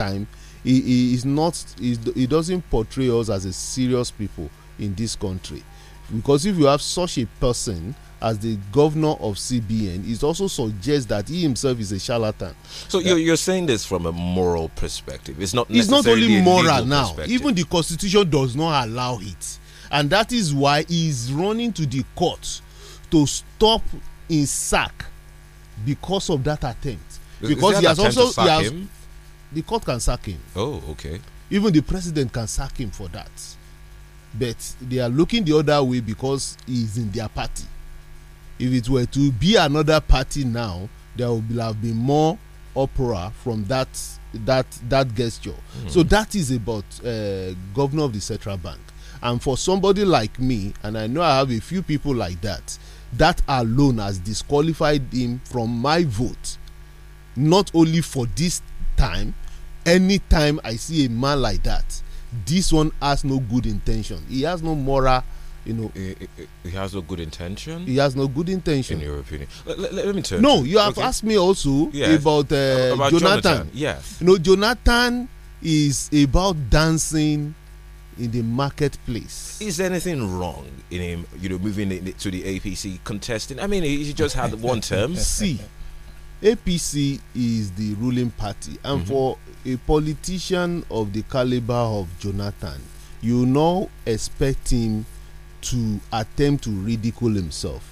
time he, he is not he, he doesn't portray us as a serious people in this country because if you have such a person as the governor of CBN, it also suggests that he himself is a charlatan. So you're, you're saying this from a moral perspective. It's not. It's not only moral now. Even the constitution does not allow it, and that is why he is running to the court to stop in sack because of that attempt. Because he has also he has, him? the court can sack him. Oh, okay. Even the president can sack him for that. But they are looking the other way because he is in their party. If it were to be another party now, there would have been more opera from that that that gesture. Mm. So that is about uh, governor of the central bank. And for somebody like me, and I know I have a few people like that, that alone has disqualified him from my vote. Not only for this time, anytime I see a man like that, this one has no good intention. He has no moral you know he, he, has no good intention he has no good intention in your opinion let, let, me turn no you have okay. asked me also yes. about, uh, about, jonathan. jonathan yes you know jonathan is about dancing in the marketplace is anything wrong in him you know moving to the apc contesting i mean he just had one term see APC is the ruling party, and mm -hmm. for a politician of the caliber of Jonathan, you now expect him to attempt to ridicule himself.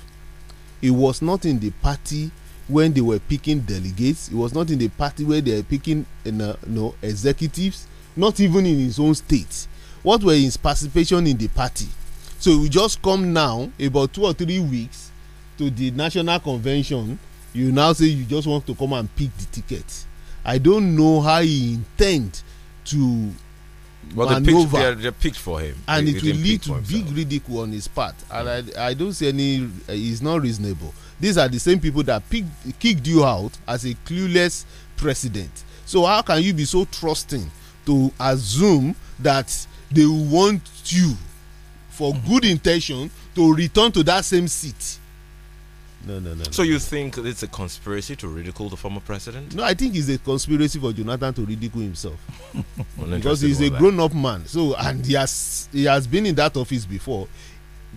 He was not in the party when they were picking delegates. He was not in the party where they were picking you know, no executives. Not even in his own state. What were his participation in the party? So he just come now about two or three weeks to the national convention you now say you just want to come and pick the ticket i don't know how he intend to but maneuver they picked, they, they picked for him and they, it will lead to big ridicule on his part and mm. i i don't see any uh, it's not reasonable these are the same people that picked, kicked you out as a clueless president so how can you be so trusting to assume that they want you for mm good intention to return to that same seat No, no, no. So no. you think it's a conspiracy to ridicule the former president? No, I think it's a conspiracy for Jonathan to ridicule himself. because he's a grown-up man. So and he has he has been in that office before.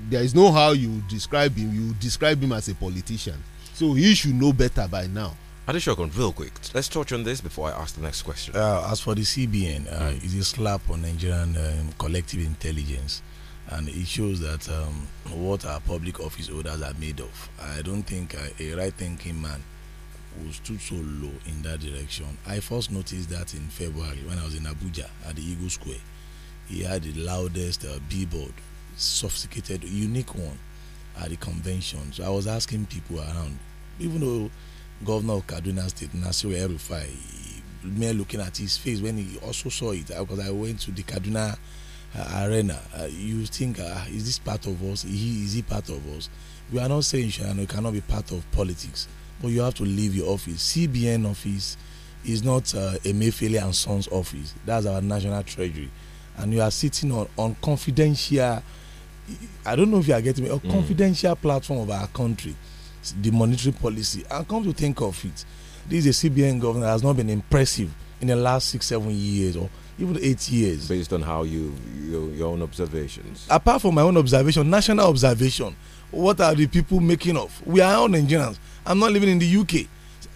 There is no how you describe him. You describe him as a politician. So he should know better by now. Adeshogun, real quick, let's touch on this before I ask the next question. Uh, as for the CBN, uh, mm. is a slap on Nigerian um, collective intelligence. and it shows that um, what our public office holders are made of. I don't think uh, a right thinking man would stood so low in that direction. I first noticed that in February when I was in Abuja at the Eagle Square. He had the loudest uh, billboard, sophisticated, unique one at the convention. So I was asking people around, even though Governor of Kaduna State, Nasir Erufai, mere looking at his face when he also saw it, because I went to the Kaduna uh, arena, uh, you think, uh, is this part of us? He, is he part of us? We are not saying Shano cannot be part of politics, but you have to leave your office. CBN office is not uh, Emefiele and Sons office. That's our national treasury. And you are sitting on, on confidential, I don't know if you are getting me, a mm. confidential platform of our country, the monetary policy. And come to think of it, this is a CBN governor has not been impressive in the last six, seven years or even eight years. Based on how you, your, your own observations. Apart from my own observation, national observation, what are the people making of? We are all Nigerians. I'm not living in the UK.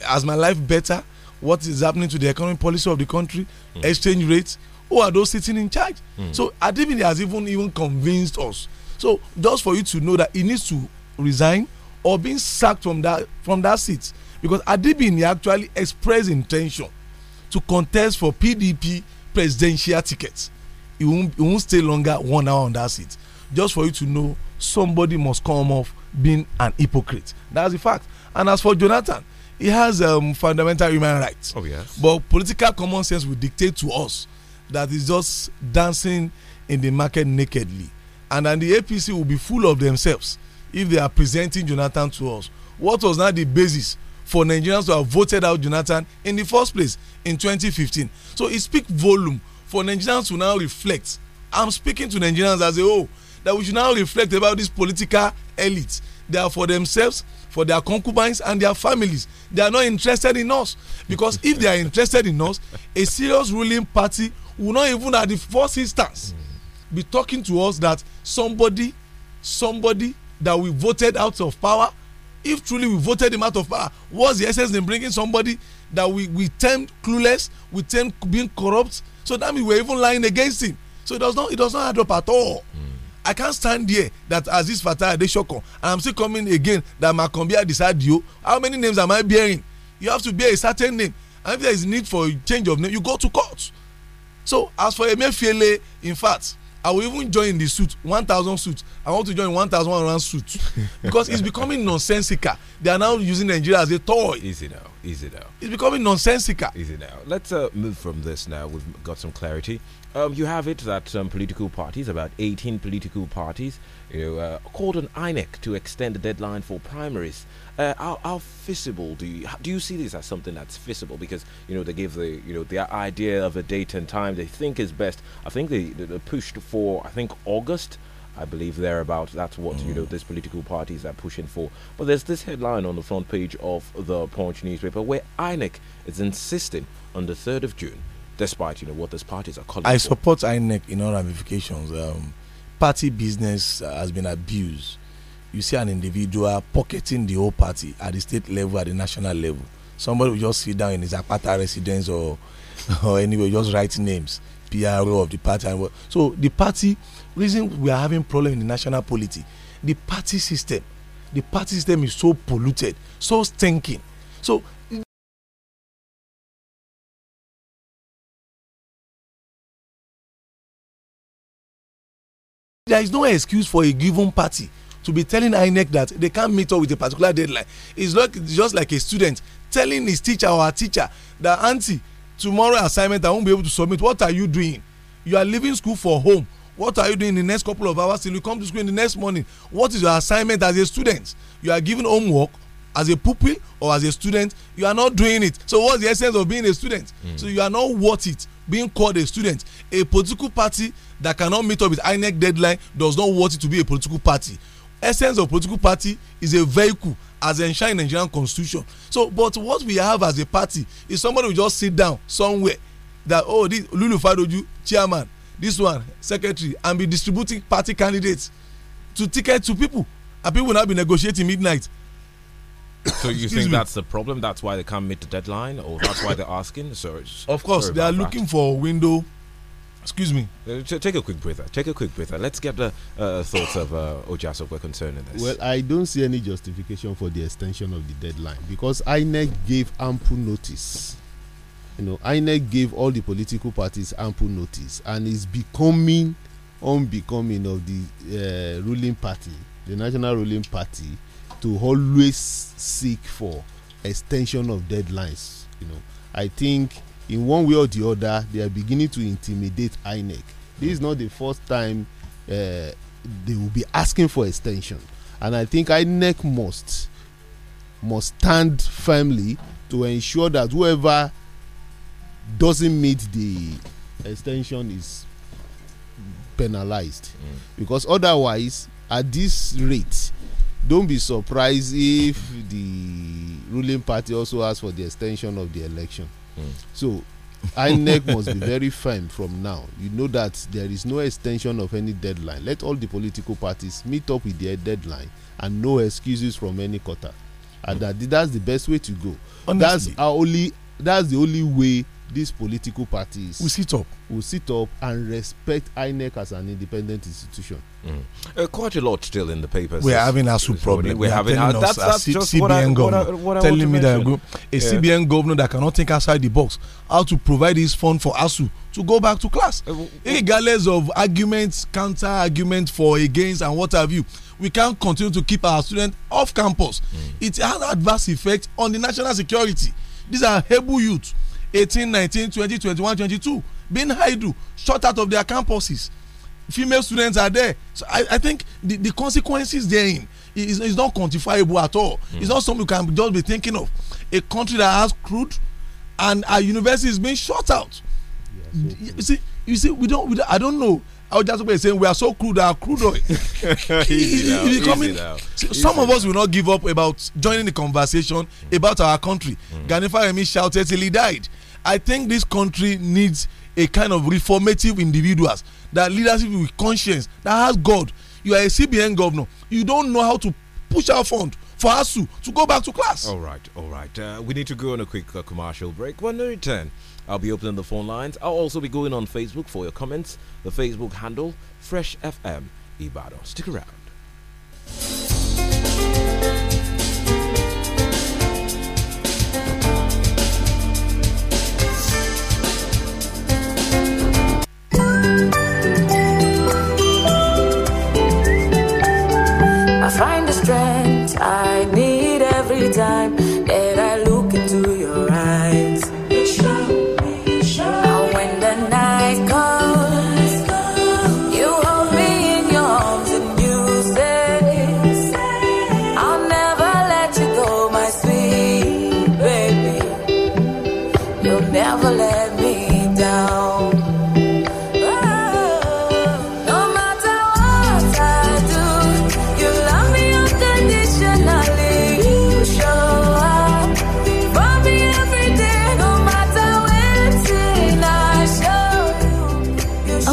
Has my life better? What is happening to the economic policy of the country? Mm. Exchange rates? Who are those sitting in charge? Mm. So Adibini has even even convinced us. So just for you to know that he needs to resign or being sacked from that from that seat because Adibini actually expressed intention to contest for PDP presidential ticket it won't, it won't stay longer one hour on that seat just for you to know somebody must come off being an hypocrite that's the fact and as for jonathan he has um, fundamental human rights oh, yes. but political common sense will dictate to us that he's just dancing in the market nakedly and then the apc will be full of themselves if they are presenting jonathan to us what was now the basis for nigerians to have voted out jonathan in the first place in 2015. So it speaks volume for Nigerians to now reflect. I'm speaking to Nigerians as a whole that we should now reflect about this political elite. They are for themselves, for their concubines and their families. They are not interested in us because if they are interested in us, a serious ruling party will not even at the first instance be talking to us that somebody, somebody that we voted out of power if truly we voted him out of power what's the essence in bringing somebody that we we termed clueless we termed being corrupt so that means we're even lying against him so it does not it does not add up at all. Mm. I can't stand here that as Aziz Fatah Adeshoko and I'm still coming again that Makombia you. How many names am I bearing? You have to bear a certain name. And if there is need for a change of name, you go to court. So as for Emefiele, in fact, I will even join the suit one thousand suits. I want to join one thousand one hundred suits because it's becoming nonsensical they are now using Nigeria as a toy. Easy now, easy now. It's becoming nonsensical. Easy now. Let's uh, move from this now. We've got some clarity. Um, you have it that some um, political parties, about 18 political parties, you know, uh, called on INEC to extend the deadline for primaries. Uh, how, how feasible do you do you see this as something that's feasible? Because you know they give the you know the idea of a date and time they think is best. I think they, they pushed for I think August. I believe about. That's what mm. you know. Mm. These political parties are pushing for. But there's this headline on the front page of the Punch newspaper where INEC is insisting on the 3rd of June, despite you know what these parties are calling. I for. support INEC in all ramifications. Um, party business has been abused you see an individual pocketing the whole party at the state level at the national level somebody will just sit down in his apata residence or or anywhere just write names pro of the party and what so the party reason we are having problem in the national polity the party system the party system is so polluted so stinking so there is no excuse for a given party to be telling INEC that they can't meet up with a particular deadline is like just like a student telling his teacher or her teacher that Auntie, tomorrow assignment I won't be able to submit what are you doing you are leaving school for home what are you doing in the next couple of hours till you come to school in the next morning what is your assignment as a student you are given homework as a pupil or as a student you are not doing it so what's the essence of being a student mm. so you are not worth it being called a student a political party that cannot meet up with inec deadline does not worth it to be a political party essence of political party is a vehicle as ensure in nigerian constitution so but what we have as a party is somebody will just sit down somewhere that oh this lulu fadoju chairman this one secretary and be distributing party candidates to ticket to people and people now be negotiating midnight. so you think that's the problem that's why they can't meet the deadline or that's why they're asking so of course they are looking that. for a window Excuse me. Uh, take a quick breather. Take a quick breather. Let's get the uh, uh thoughts of uh, Ojasope concerning this. Well, I don't see any justification for the extension of the deadline because INEC gave ample notice. You know, INEC gave all the political parties ample notice and it's becoming unbecoming of the uh, ruling party, the national ruling party, to always seek for extension of deadlines. You know, I think in one way or the other they are beginning to intimidate inec this is not the first time uh, they will be asking for extension and i think inec must must stand firmly to ensure that whoever doesn't meet the extension is penalized mm. because otherwise at this rate don't be surprised if the ruling party also asks for the extension of the election. Mm. So INEC must be very firm from now. You know that there is no extension of any deadline. Let all the political parties meet up with their deadline and no excuses from any quarter. And mm. that that's the best way to go. Honestly. That's our only that's the only way these political parties will sit up will sit up and respect INEC as an independent institution. Mm. Uh, quite a lot still in the papers. We're having a problem. We're, we having us, that's, that's just CBN I, governor what I, what telling me mention. that a yeah. CBN governor that cannot think outside the box how to provide his fund for ASU to go back to class, uh, regardless of arguments, counter arguments for against and what have you. We can't continue to keep our students off campus. Mm. It has adverse effect on the national security. These are able youth eighteen nineteen twenty twenty one twenty two being idle shut out of their campuses female students are there so i i think the the consequences therein is is not quantifiable at all mm. it's not something you can just be thinking of a country that has crude and our university is being shut out yeah, so you see you see we don't, we don't i don't know Ojasope is saying we are so crude our crude oil some of us will not give up about joining the conversation mm. about our country mm. Gani Faremi shouted till he died I think this country needs a kind of reformative individuals that leadership with conscience that has God. You are a CBN governor. You don't know how to push our fund for us to, to go back to class. All right, all right. Uh, we need to go on a quick uh, commercial break. When we return, I'll be opening the phone lines. I'll also be going on Facebook for your comments. The Facebook handle Fresh FM Ibado. Stick around. I need every time.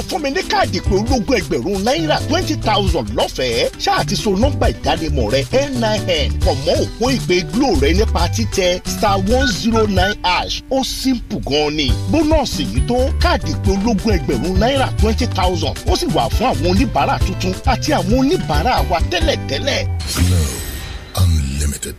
náà fún mi ní káàdì pé ológun ẹgbẹ̀rún náírà twenty thousand lọ́fẹ̀ẹ́ ṣáà ti so nọ́mbà ìdánimọ̀ rẹ nin pọ̀ mọ́ òpó ìpè glo rẹ nípa títẹ star one zero nine hash ó simple gan ni bónọ́ọ̀sì yìí tó káàdì pé ológun ẹgbẹ̀rún náírà twenty thousand ó sì wà fún àwọn oníbàárà tuntun àti àwọn oníbàárà wa tẹ́lẹ̀tẹ́lẹ̀. Glo Unlimited.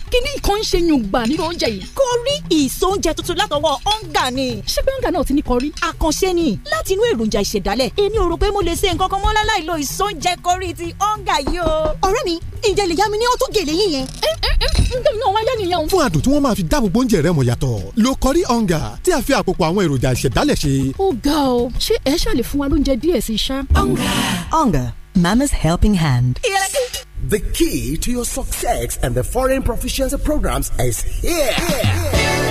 kíní kan ń ṣe yùngbà nínú oúnjẹ yìí. kọrí ìsóúnjẹ tuntun látọwọ́ ọ̀ǹgà ni. ṣé pé ọ̀ǹgà náà ti ní kọrí. àkànṣe ni láti inú èròjà ìṣẹ̀dálẹ̀ èmi ò rò pé mo lè ṣe nǹkan kan mọ́ láláì lo ìsóúnjẹ kọrí ti ọ̀ǹgà yìí o. ọ̀rẹ́ mi ǹjẹ́ lè yá mi ní ọtún gèlè yín yẹn. ẹ ẹ ẹ ǹjẹ́ mi náà wáyé nìyẹn. fún àdùn tí wọ́n máa fi dáàbò bóúnjẹ rẹ mọ̀ yàtọ̀ lo kọrí ọ̀ǹgà tí a fi àpòpọ̀ àwọn èròjà ìṣẹ̀dálẹ̀ ṣe. ó ga ọ ṣé ẹ ṣàlè fún wa lóúnjẹ díẹ̀ sí i ṣá. ọ̀ǹgà ọ̀ǹgà mama's helping hand. The key to your success and the foreign proficiency programs is here. here.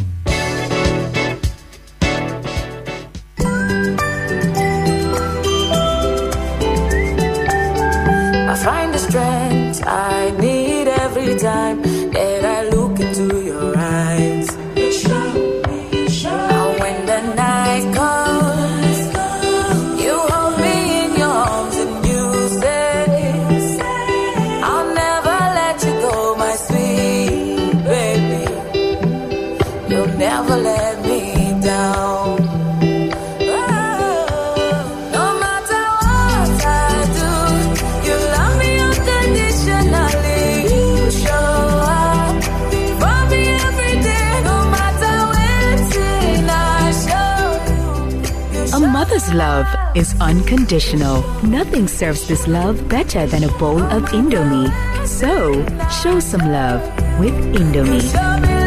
love is unconditional. Nothing serves this love better than a bowl of Indomie. So, show some love with Indomie.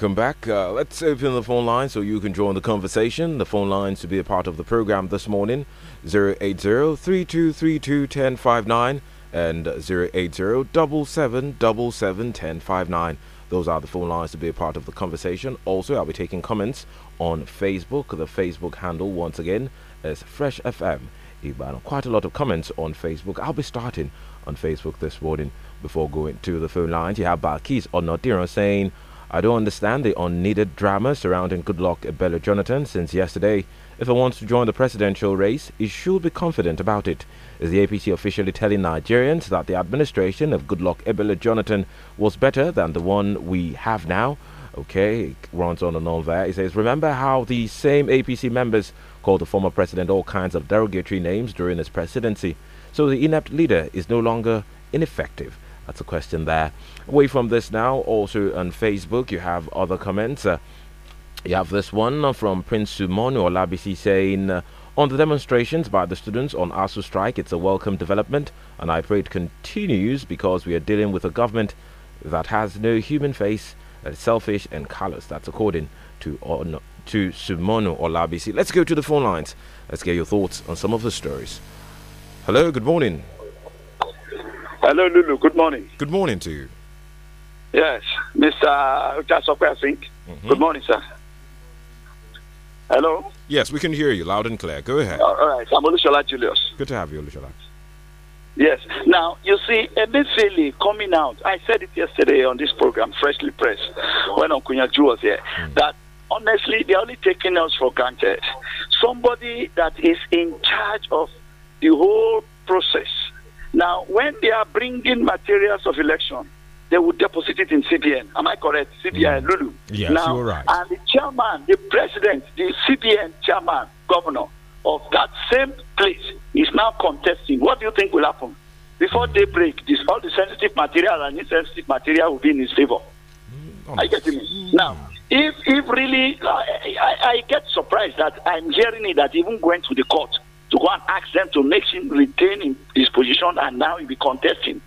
welcome back. Uh, let's open the phone line so you can join the conversation. The phone lines to be a part of the program this morning 080-3232-1059 and 080-777-1059. Those are the phone lines to be a part of the conversation. Also, I'll be taking comments on Facebook. The Facebook handle, once again, is Fresh FM. Quite a lot of comments on Facebook. I'll be starting on Facebook this morning. Before going to the phone lines, you have Barkis Onodiran saying, I don't understand the unneeded drama surrounding Goodluck Ebele Jonathan since yesterday. If he wants to join the presidential race, he should be confident about it. Is the APC officially telling Nigerians that the administration of Goodluck Ebele Jonathan was better than the one we have now? Okay, it runs on and on there. He says, Remember how the same APC members called the former president all kinds of derogatory names during his presidency? So the inept leader is no longer ineffective. That's a question there. Away from this now, also on Facebook, you have other comments. Uh, you have this one from Prince or Olabisi saying, uh, on the demonstrations by the students on ASU strike, it's a welcome development, and I pray it continues because we are dealing with a government that has no human face, that is selfish and callous. That's according to on, to Sumono Olabisi. Let's go to the phone lines. Let's get your thoughts on some of the stories. Hello, good morning. Hello, Lulu. Good morning. Good morning to you. Yes, Mr. Ochasope, I think. Mm -hmm. Good morning, sir. Hello? Yes, we can hear you loud and clear. Go ahead. All right, I'm Olushola Julius. Good to have you, Olushola. Yes. Now, you see, Ebesele coming out, I said it yesterday on this program, Freshly Pressed, when Okunyaju was here, mm. that honestly, they're only taking us for granted. Somebody that is in charge of the whole process. Now, when they are bringing materials of election, they will deposit it in CBN. Am I correct? CBN, mm. Lulu. Yes, now, you're right. And the chairman, the president, the CBN chairman, governor of that same place is now contesting. What do you think will happen? Before daybreak, this, all the sensitive material and insensitive material will be in his favor. Mm. I get me? Now, if, if really, I, I, I get surprised that I'm hearing it that even going to the court to go and ask them to make him retain his position and now he'll be contesting.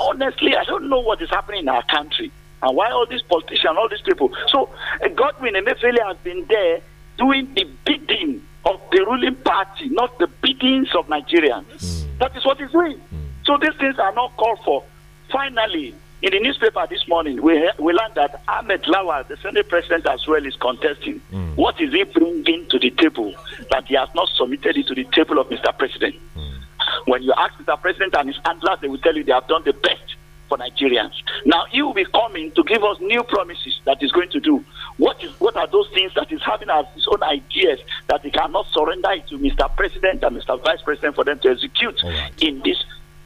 Honestly, I don't know what is happening in our country and why all these politicians, all these people. So uh, Godwin Emefiele has been there doing the bidding of the ruling party, not the biddings of Nigerians. Mm. mm. That is what he's doing. Mm. So these things are not called for. Finally, in the newspaper this morning, we, we learned that Ahmed Lawal, the Senate president as well, is contesting. Mm. What is he bringing to the table that he has not submitted it to the table of Mr. President? Mm. When you ask Mr. President and his handlers, they will tell you they have done the best for Nigerians. Now he will be coming to give us new promises that he's going to do. What is what are those things that he's having as his own ideas that he cannot surrender it to Mr. President and Mr. Vice President for them to execute right. in this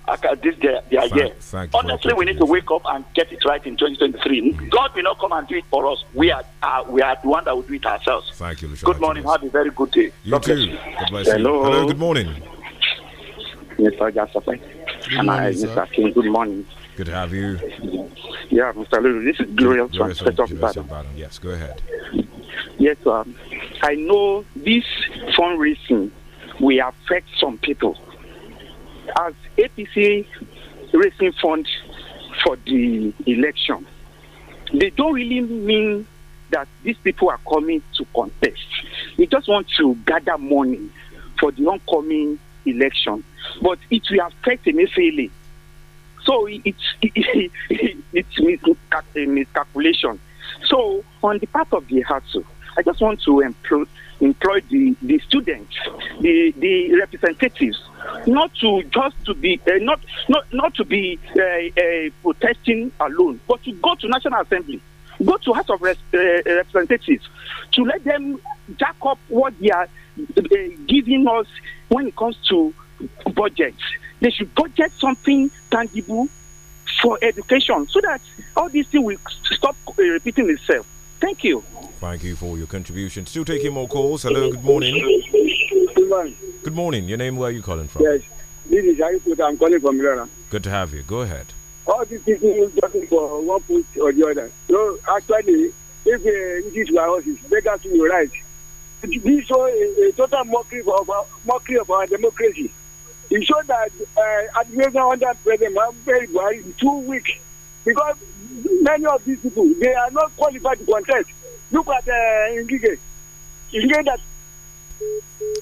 uh, this their, their year. Honestly, we need to wake up and get it right in 2023. God will not come and do it for us. We are uh, we are the one that will do it ourselves. Thank you. Michelle. Good morning. Have a very good day. You God too. God bless Hello. You. Hello. Good morning. Mr. Jasafai. And morning, I, Mr. King, good morning. Good to have you. Yeah, Mr. Lulu, this is Glorious Yes, go ahead. Yes, um, I know this fundraising will affect some people. As APC raising fund for the election, they don't really mean that these people are coming to contest. They just want to gather money for the oncoming election. But it will affect Emefiele. So it's, it, it, it's eh, miscalculation. So on the part of the hassle, I just want to employ, employ the, the students, the, the representatives, not to just to be uh, not, not not to be uh, uh, protesting alone, but to go to National Assembly Go to House of uh, uh, Representatives to let them jack up what they are uh, giving us when it comes to budgets. They should budget something tangible for education so that all these things will stop uh, repeating itself. Thank you. Thank you for your contribution. Still taking more calls. Hello, good morning. Good morning. Good morning. Your name, where are you calling from? Yes, this is Harry I'm calling from Lora. Good to have you. Go ahead all these people working for one point or the other. So actually, if uh, English were us, it's better to be right. This is a, a total mockery of our, mockery of our democracy. It shows that uh, administration under President Muhammad Buhari in too weak because many of these people they are not qualified to contest. Look at uh, Ngige. that.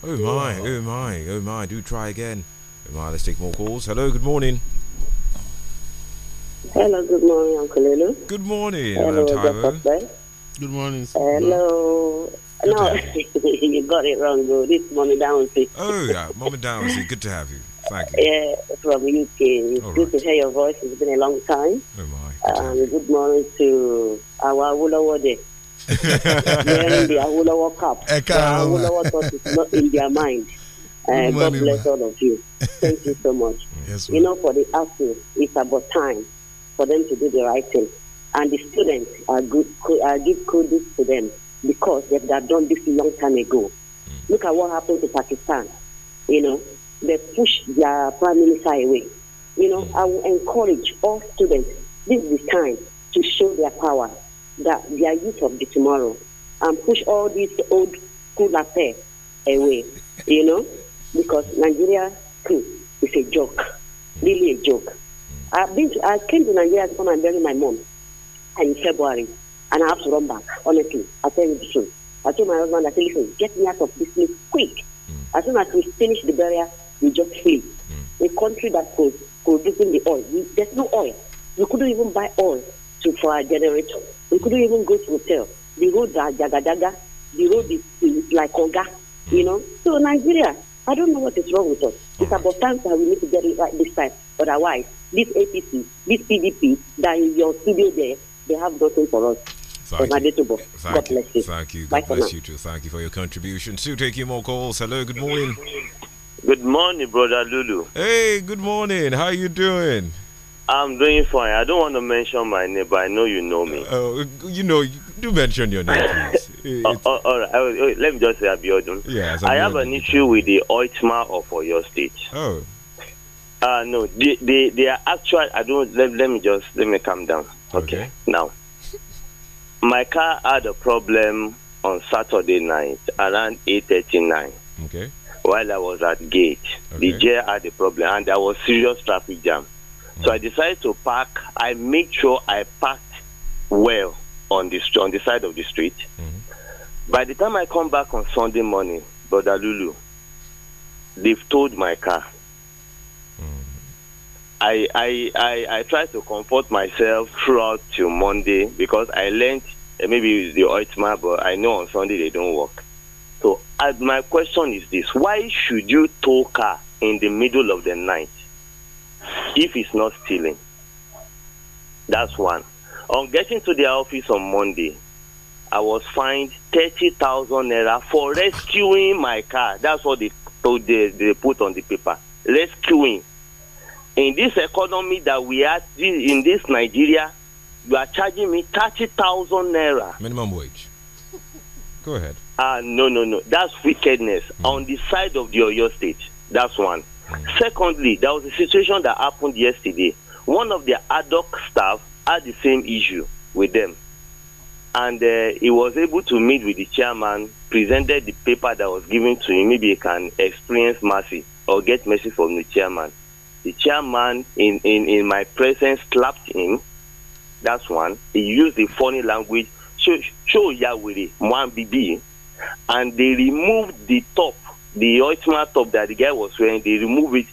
Oh my! Oh my! Oh my! Do try again. Oh my! Let's take more calls. Hello. Good morning. Hello, good morning, Uncle Lulu. Good morning, Hello, Good morning. Sir. Hello. Good no, you got it wrong, though. This Mommy Downsy. oh, yeah, Mommy Downsy. Good to have you. Thank you. Yeah, from UK. It's good right. to hear your voice. It's been a long time. Oh, my. Good, um, good morning to our Awulawode. Wearing the Awulawa cup. The Awulawa thought is not in their mind. Uh, God bless all of you. Thank you so much. Yes, you know, for the asking, it's about time for them to do the right thing. And the students are good, are give credit to them because they've done this a long time ago. Mm. Look at what happened to Pakistan. You know, they pushed their prime minister away. You know, mm. I will encourage all students this is the time to show their power, that their youth of the tomorrow, and push all these old school affairs away. You know, because Nigeria too is a joke, really a joke. I've been, I came to Nigeria to come and bury my mom in February, and I have to run back. Honestly, I tell you the truth. I told my husband, I said, listen, get me out of this place quick. Mm. As soon as we finish the burial, we just flee. The mm. A country that was producing the oil, we, there's no oil. We couldn't even buy oil to, for our generator. We couldn't even go to hotel. The roads are jagadaga. The road is, is like Oga, you mm. know. So Nigeria, I don't know what is wrong with us. It's about time that we need to get it right this time. Otherwise, this APC, this PDP that in your studio there, they have gotten for us. Thank you. Thank God you. bless you. Thank you. God Bye bless you too. Thank you for your contribution. So taking more calls. Hello, good morning. Good morning, brother Lulu. Hey, good morning. How are you doing? I'm doing fine. I don't want to mention my name, but I know you know me. Uh, uh, you know, do mention your name, please. Oh, oh, all right. let me just say Abiodun. Yes, I have an issue with the Oitma of your State. Oh. Uh, no, they, they, they are actual. I don't. Let, let me just let me calm down. Okay. okay. Now, my car had a problem on Saturday night around eight thirty nine. Okay. While I was at gate, okay. the jail had a problem, and there was serious traffic jam. Mm. So I mm. decided to park. I made sure I parked well on the on the side of the street. Mm -hmm. By the time I come back on Sunday morning, Brother Lulu, they've towed my car. I, I, I, I tried to comfort myself throughout till Monday because I learned uh, maybe the OITMA, but I know on Sunday they don't work. So uh, my question is this: Why should you tow car in the middle of the night if it's not stealing? That's one. On getting to the office on Monday, I was fined thirty thousand naira for rescuing my car. That's what they told they, they put on the paper. Rescuing in this economy that we are in this Nigeria, you are charging me 30,000 naira. Minimum wage. Go ahead. Uh, no, no, no. That's wickedness mm. on the side of the Oyo state. That's one. Mm. Secondly, there was a situation that happened yesterday. One of the ad hoc staff had the same issue with them. And uh, he was able to meet with the chairman, presented the paper that was given to him. Maybe he can experience mercy or get mercy from the chairman the chairman, in, in, in my presence, slapped him. That's one. He used the funny language, show, show And they removed the top, the ultimate top that the guy was wearing, they removed it.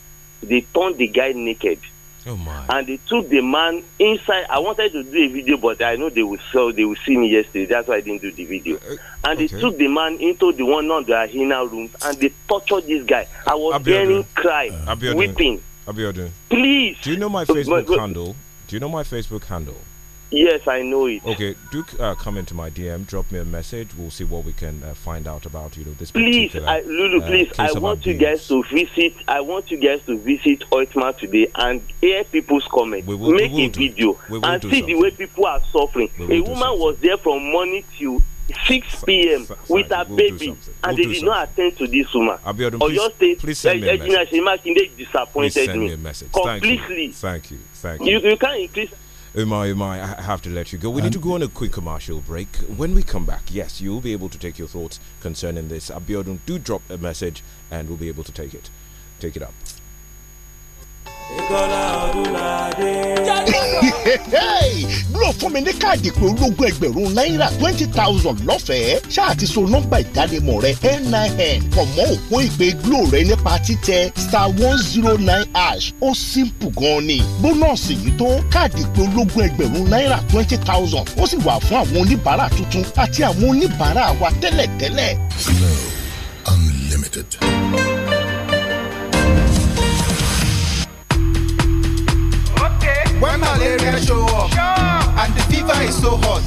They turned the guy naked. Oh my. And they took the man inside. I wanted to do a video, but I know they will sell, they will see me yesterday. That's why I didn't do the video. Uh, uh and okay. they took the man into the one on the arena room and they tortured this guy. I was hearing cry, uh, weeping. Abiodun. Please. Do you know my Facebook but, but, handle? Do you know my Facebook handle? Yes, I know it. Okay, do uh, come into my DM, drop me a message. We'll see what we can uh, find out about you know this. Please, Lulu, uh, please, I want you guys to visit. I want you guys to visit Oitma today and hear people's comments. Will, make a video and see something. the way people are suffering. A woman something. was there from morning till 6 p.m. with her baby, and they did not attend to this woman. Abiodun, please, state, please send uh, me a eh, message. disappointed please send me. me Completely. Thank you. Thank you. you. can't increase. Umar, Umar, I have to let you go. We and need to go on a quick commercial break. When we come back, yes, you'll be able to take your thoughts concerning this. Abiodun, do drop a message and we'll be able to take it. Take it up. Ìkọlá Ọdúnládé. Glo fún mi ní káàdì pé ológun ẹgbẹ̀rún náírà twenty thousand lọ́fẹ̀ẹ́ ṣáà ti so nọ́mbà ìdánimọ̀ rẹ NIN pọ̀ mọ́ òpó ìpè Glo rẹ nípa títẹ star one zero nine hash ó simple gan ni bónọ́ọ̀sì yìí tó káàdì pé ológun ẹgbẹ̀rún náírà twenty thousand ó sì wà fún àwọn oníbàárà tuntun àti àwọn oníbàárà wa tẹ́lẹ̀tẹ́lẹ̀. Glo Unlimited. malaria show up. And the fever is so hot.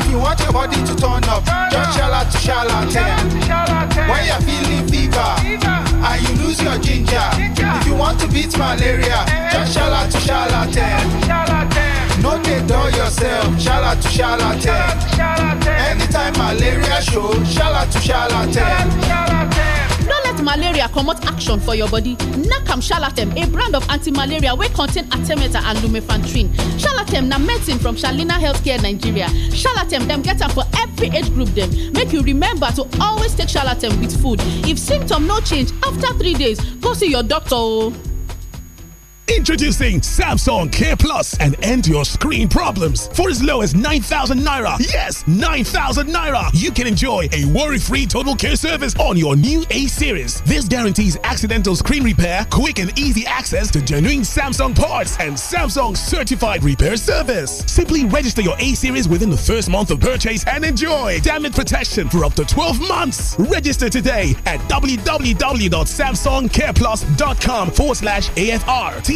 If you want your body to turn up, just shala to charlatan. When you're feeling fever, and you lose your ginger. If you want to beat malaria, eh? just shala to charlatan. No dey dull yourself, shala to shala Anytime malaria show, shala to shala malaria comot action for your body nakam shalatem a brand of anti-malaria wey contain artemata and lumefantrine shalatem na medicine from shalina healthcare nigeria shalatem dem get am for every age group dem make you remember to always take shalatem with food if symptom no change after three days go see your doctor o. Oh. Introducing Samsung Care Plus and end your screen problems. For as low as 9,000 naira, yes, 9,000 naira, you can enjoy a worry free total care service on your new A series. This guarantees accidental screen repair, quick and easy access to genuine Samsung parts, and Samsung certified repair service. Simply register your A series within the first month of purchase and enjoy damage protection for up to 12 months. Register today at www.samsungcareplus.com forward slash AFR.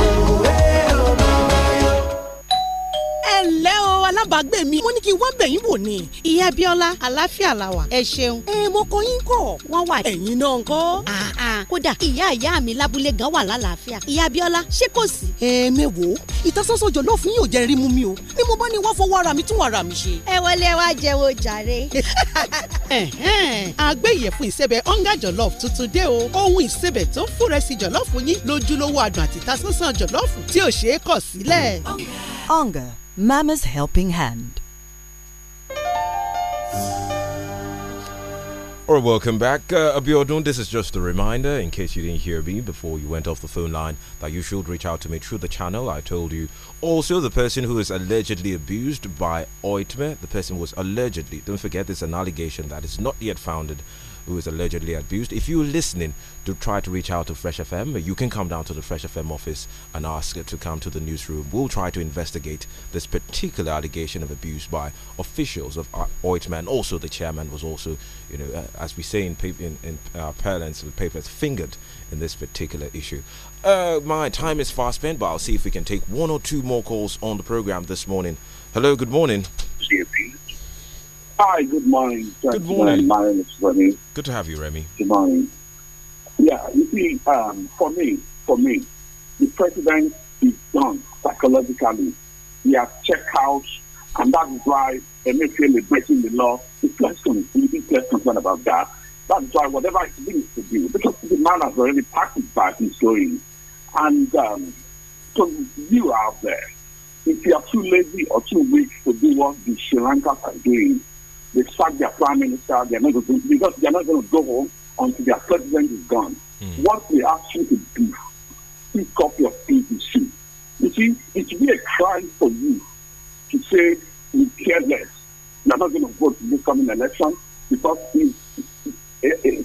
alábàágbé mi mo ní kí n wá bẹ̀yìn wò ni. ìyá Abíọ́lá àlàáfíà la wà ẹ ṣeun. ẹ mo kọ yín kọ wọn wà ẹ̀yin náà ńkọ́. àà kódà ìyá ìyá mi lábúlé gan wà lálàáfíà ìyá Abíọ́lá ṣé kò sí. ẹ mẹ́wòó ìtasọ́sọ́ jọ̀lọ́ fún yóò jẹ́ rí mú mi o ni mo bá ní wá fọwọ́ ara mi tún ara mi ṣe. ẹ wọlé wá jẹ́wọ́ jàre. àgbẹ̀ ìyẹ̀fun ìsẹ̀bẹ̀ ọ̀ngá jọ̀lọ́ọ̀fù tuntun dé o ohun ìsẹ̀bẹ̀ tó fúnrẹ́sì jọ̀lọ́ọ̀fù yín lójúlówó adùn àti ìtasọ́sọ́ jọ̀lọ́ọ̀fù tí ò ṣeé kọ̀ sílẹ̀. ọ̀ngá Mama's Helping Hand. All right, welcome back. Uh, Abiodun, this is just a reminder in case you didn't hear me before you went off the phone line that you should reach out to me through the channel I told you. Also, the person who is allegedly abused by Oitme, the person was allegedly, don't forget, there's an allegation that is not yet founded who is allegedly abused. If you're listening, do try to reach out to Fresh FM. You can come down to the Fresh FM office and ask to come to the newsroom. We'll try to investigate this particular allegation of abuse by officials of uh, Oitman. Also, the chairman was also, you know, uh, as we say in, in, in our uh, parlance, the papers fingered in this particular issue. Uh, my time is fast spent, but I'll see if we can take one or two more calls on the program this morning. Hello, good morning. Hi, good morning. Good morning. My name is Remy. Good to have you, Remy. Good morning. Yeah, you see, um, for me, for me, the president is done psychologically. He has checked out, and that is why Emefiele is breaking the law. the less we need to concerned about that. That's why whatever it needs to do, because the man has already packed his bag, he's going. And um, so you out there, if you are too lazy or too weak to do what the Sri Lankans are doing, they sack their prime minister. They're not going to, because they're not going to go home until their president is gone. Mm. What we ask you to do, pick up your PDC. You see, it should be a crime for you to say you care less. You're not going to vote in this coming election because the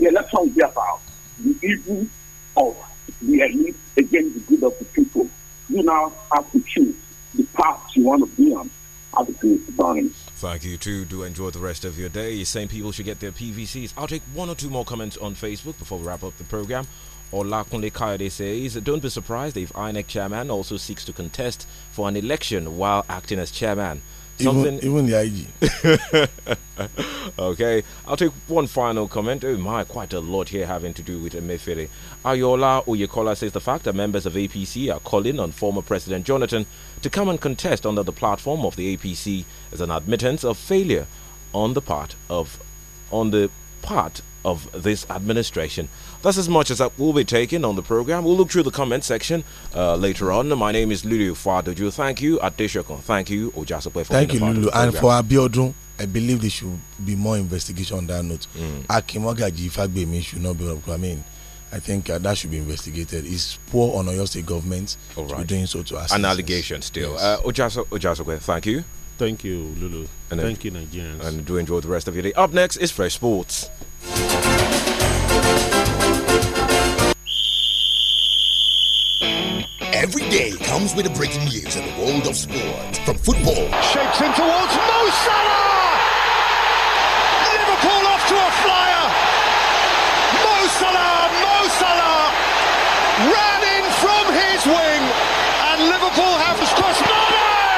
election will be about the evil of the elite against the good of the people. You now have to choose the path you want to be on as a Christian. Thank you too. Do enjoy the rest of your day. Same people should get their PVCs. I'll take one or two more comments on Facebook before we wrap up the program. Olakunle Kayode says, Don't be surprised if INEC chairman also seeks to contest for an election while acting as chairman. Something even, even the IG. okay, I'll take one final comment. Oh my, quite a lot here having to do with Emefele. Ayola Oyekola says the fact that members of APC are calling on former President Jonathan to come and contest under the platform of the APC is an admittance of failure on the part of on the part of this administration. That's as much as that will be taken on the program. We'll look through the comment section uh, later on. My name is Lulu Fadoju. Thank you, Adeshokon. Thank you, Ojasope. Thank you, Lulu. And for Abiodun, I believe there should be more investigation on that note. Mm. Akimogaji Fagbemi should not be, I mean, I think uh, that should be investigated. It's poor on your State government All right. to be doing so to us. An allegation still. Yes. Uh, Ojaso, Ojaso, thank you. Thank you, Lulu. And uh, thank you, Nigerians. And do enjoy the rest of your day. Up next is Fresh Sports. Every day comes with a breaking news in the world of sport. From football, shapes in towards Mo Salah! ran in from his wing, and Liverpool have crossed Mane!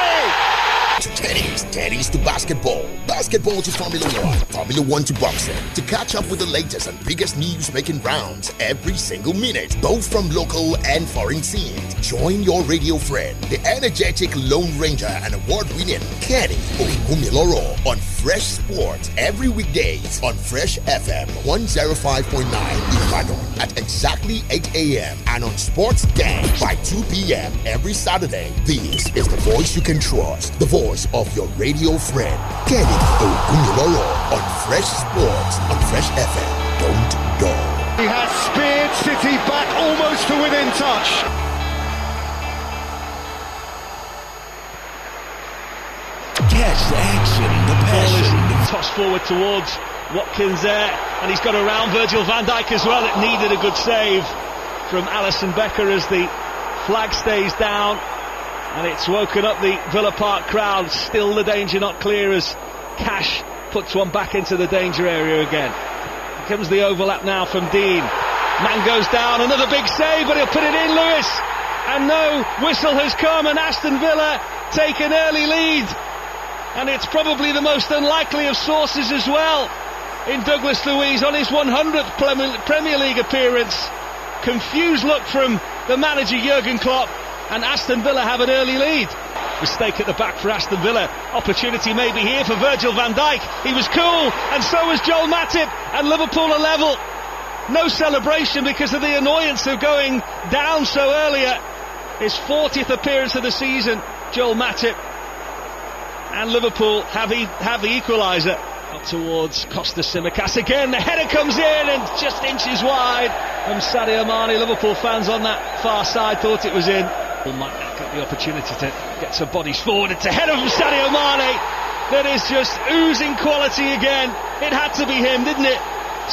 Teddy's, Teddy's to basketball, basketball to Formula One, Formula One to boxing, to catch up with the latest and biggest news making rounds every single minute, both from local and foreign scenes. Join your radio friend, the energetic Lone Ranger and award-winning Kenny O'Kumiloro on Fresh Sports every weekday on Fresh FM 105.9 Ibadan at exactly 8 a.m. and on Sports Gang by 2 p.m. every Saturday. This is the voice you can trust, the voice of your radio friend, Kenny Ogumiloro on Fresh Sports on Fresh FM. Don't go. He has speared City back almost to within touch. Catch that passion, the passion. Toss forward towards Watkins there, and he's got around Virgil van Dijk as well. It needed a good save from Alison Becker as the flag stays down, and it's woken up the Villa Park crowd. Still the danger not clear as Cash puts one back into the danger area again. Here comes the overlap now from Dean. Man goes down, another big save, but he'll put it in, Lewis. And no whistle has come, and Aston Villa take an early lead and it's probably the most unlikely of sources as well in Douglas Louise on his 100th Premier League appearance. Confused look from the manager Jurgen Klopp and Aston Villa have an early lead. Mistake at the back for Aston Villa. Opportunity maybe here for Virgil van Dijk. He was cool and so was Joel Matip and Liverpool are level. No celebration because of the annoyance of going down so earlier. His 40th appearance of the season, Joel Matip and Liverpool have, e have the equaliser. Up towards Costa Simicas again, the header comes in and just inches wide. And Sadio Mane, Liverpool fans on that far side thought it was in. Well, might get the opportunity to get some bodies forward. It's a header from Sadio Mane that is just oozing quality again. It had to be him, didn't it?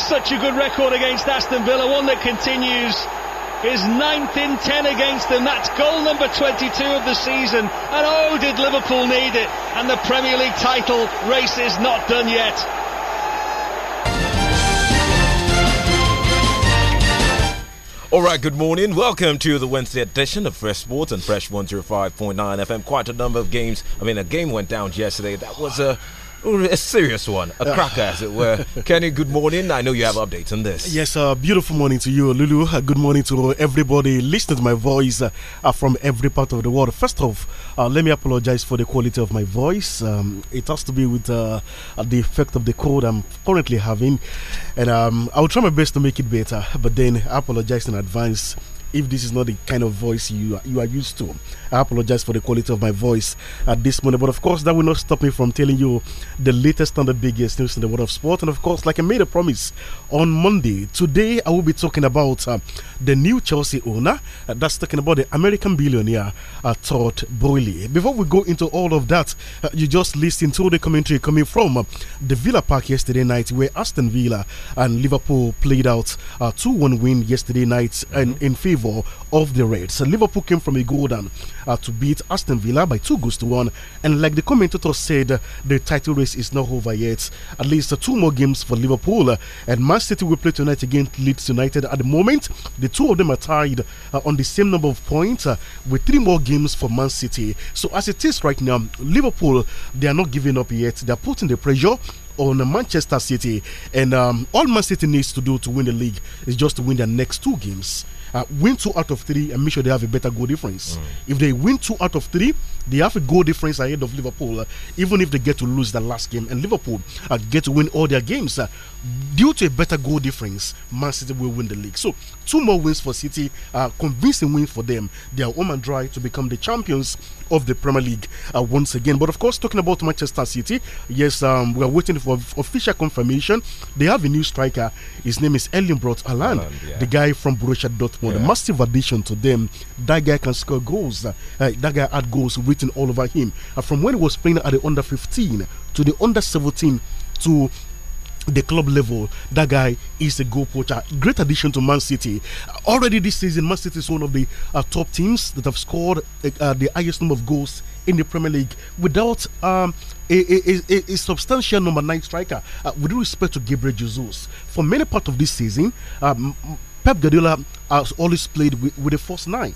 Such a good record against Aston Villa, one that continues. His ninth in ten against them. That's goal number 22 of the season. And oh, did Liverpool need it. And the Premier League title race is not done yet. All right, good morning. Welcome to the Wednesday edition of Fresh Sports and Fresh 105.9 FM. Quite a number of games. I mean, a game went down yesterday. That was a. Uh a serious one, a cracker, as it were. Kenny, good morning. I know you have updates on this. Yes, uh, beautiful morning to you, Lulu. Uh, good morning to everybody listening to my voice uh, from every part of the world. First off, uh, let me apologize for the quality of my voice. Um, it has to be with uh, the effect of the cold I'm currently having, and um, I'll try my best to make it better. But then, I apologize in advance if this is not the kind of voice you are, you are used to. I apologize for the quality of my voice at this moment, but of course that will not stop me from telling you the latest and the biggest news in the world of sport. And of course, like I made a promise on Monday, today I will be talking about uh, the new Chelsea owner. Uh, that's talking about the American billionaire uh, Todd Boyle. Before we go into all of that, uh, you just listen to the commentary coming from uh, the Villa Park yesterday night, where Aston Villa and Liverpool played out a uh, 2-1 win yesterday night mm -hmm. and in favor favour of the Reds. Liverpool came from a goal down uh, to beat Aston Villa by two goals to one. And like the commentator said, the title race is not over yet. At least uh, two more games for Liverpool. and Man City will play tonight against Leeds United. At the moment, the two of them are tied uh, on the same number of points uh, with three more games for Man City. So as it is right now, Liverpool, they are not giving up yet. They are putting the pressure on Manchester City. And um, all Man City needs to do to win the league is just to win their next two games uh, win two out of three and make sure they have a better goal difference. Mm. If they win two out of three, they have a goal difference ahead of Liverpool, uh, even if they get to lose the last game. And Liverpool uh, get to win all their games. Uh, due to a better goal difference, Man City will win the league. So, two more wins for City, uh, convincing win for them. They are home and dry to become the champions of the Premier League uh, once again. But of course, talking about Manchester City, yes, um, we are waiting for official confirmation. They have a new striker. His name is Ellenbrot Alan, Alan yeah. the guy from Borussia Dortmund. Yeah. A massive addition to them. That guy can score goals. Uh, uh that guy had goals written all over him. Uh, from when he was playing at the under 15 to the under 17 to the club level, that guy is a goal poacher. Great addition to Man City. Already this season, Man City is one of the uh, top teams that have scored uh, uh the highest number of goals in the Premier League without um, a, a, a, a, substantial number nine striker. Uh, with respect to Gabriel Jesus, for many part of this season, um, Pep Guardiola has always played with, with a false nine.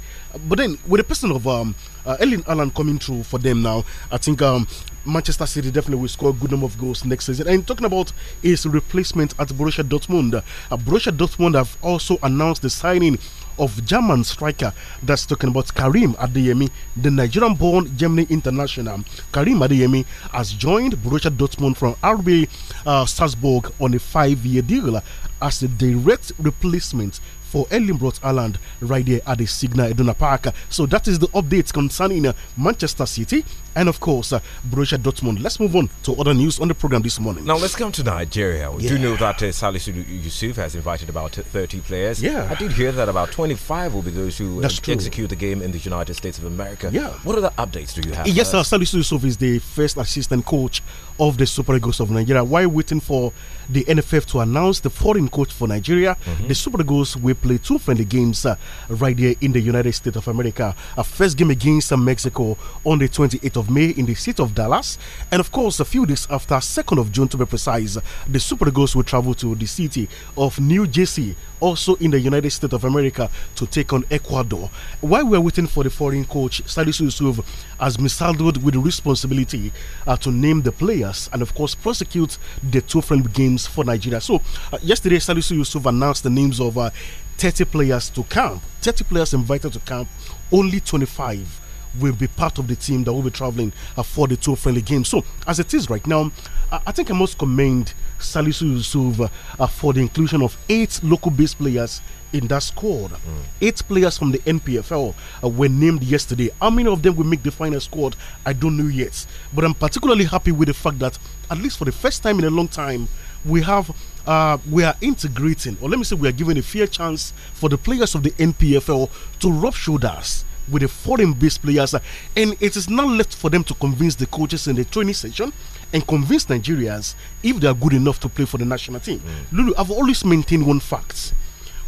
But then, with the person of um, uh, Ellen Allen coming through for them now, I think um, Manchester City definitely will score a good number of goals next season. And talking about his replacement at Borussia Dortmund, uh, Borussia Dortmund have also announced the signing of German striker that's talking about Karim Adeyemi, the Nigerian-born Germany international. Karim Adeyemi has joined Borussia Dortmund from RB uh, Salzburg on a five-year deal as a direct replacement for Ellenbrot Island right there at the Signa Iduna Park. So that is the update concerning uh, Manchester City and, of course, uh, Borussia Dortmund. Let's move on to other news on the program this morning. Now, let's come to Nigeria. We yeah. do know that uh, Salisu Yusuf has invited about 30 players. Yeah. I did hear that about 25 will be those who uh, execute the game in the United States of America. Yeah. What other updates do you have? Yes, uh, uh Salisu Yusuf is the first assistant coach of the Super Eagles of Nigeria. While waiting for the NFF to announce the foreign coach for Nigeria, mm -hmm. the Super Eagles will play two friendly games uh, right here in the United States of America. A first game against uh, Mexico on the 28th of May in the city of Dallas, and of course, a few days after, 2nd of June to be precise, the Super Eagles will travel to the city of New Jersey, also in the United States of America, to take on Ecuador. While we're waiting for the foreign coach, Sadisu Yusuf has been saddled with the responsibility uh, to name the player and, of course, prosecute the two friendly games for Nigeria. So, uh, yesterday, Salisu Yusuf announced the names of uh, 30 players to camp, 30 players invited to camp, only 25 will be part of the team that will be traveling uh, for the two friendly games. So, as it is right now, I, I think I must commend Salisu Yusuf uh, uh, for the inclusion of eight local based players in that squad. Mm. Eight players from the NPFL uh, were named yesterday. How many of them will make the final squad? I don't know yet. But I'm particularly happy with the fact that, at least for the first time in a long time, we have uh, we are integrating, or let me say, we are giving a fair chance for the players of the NPFL to rub shoulders with the foreign based players. And it is now left for them to convince the coaches in the training session and convince Nigerians if they are good enough to play for the national team. Mm. Lulu, I've always maintained one fact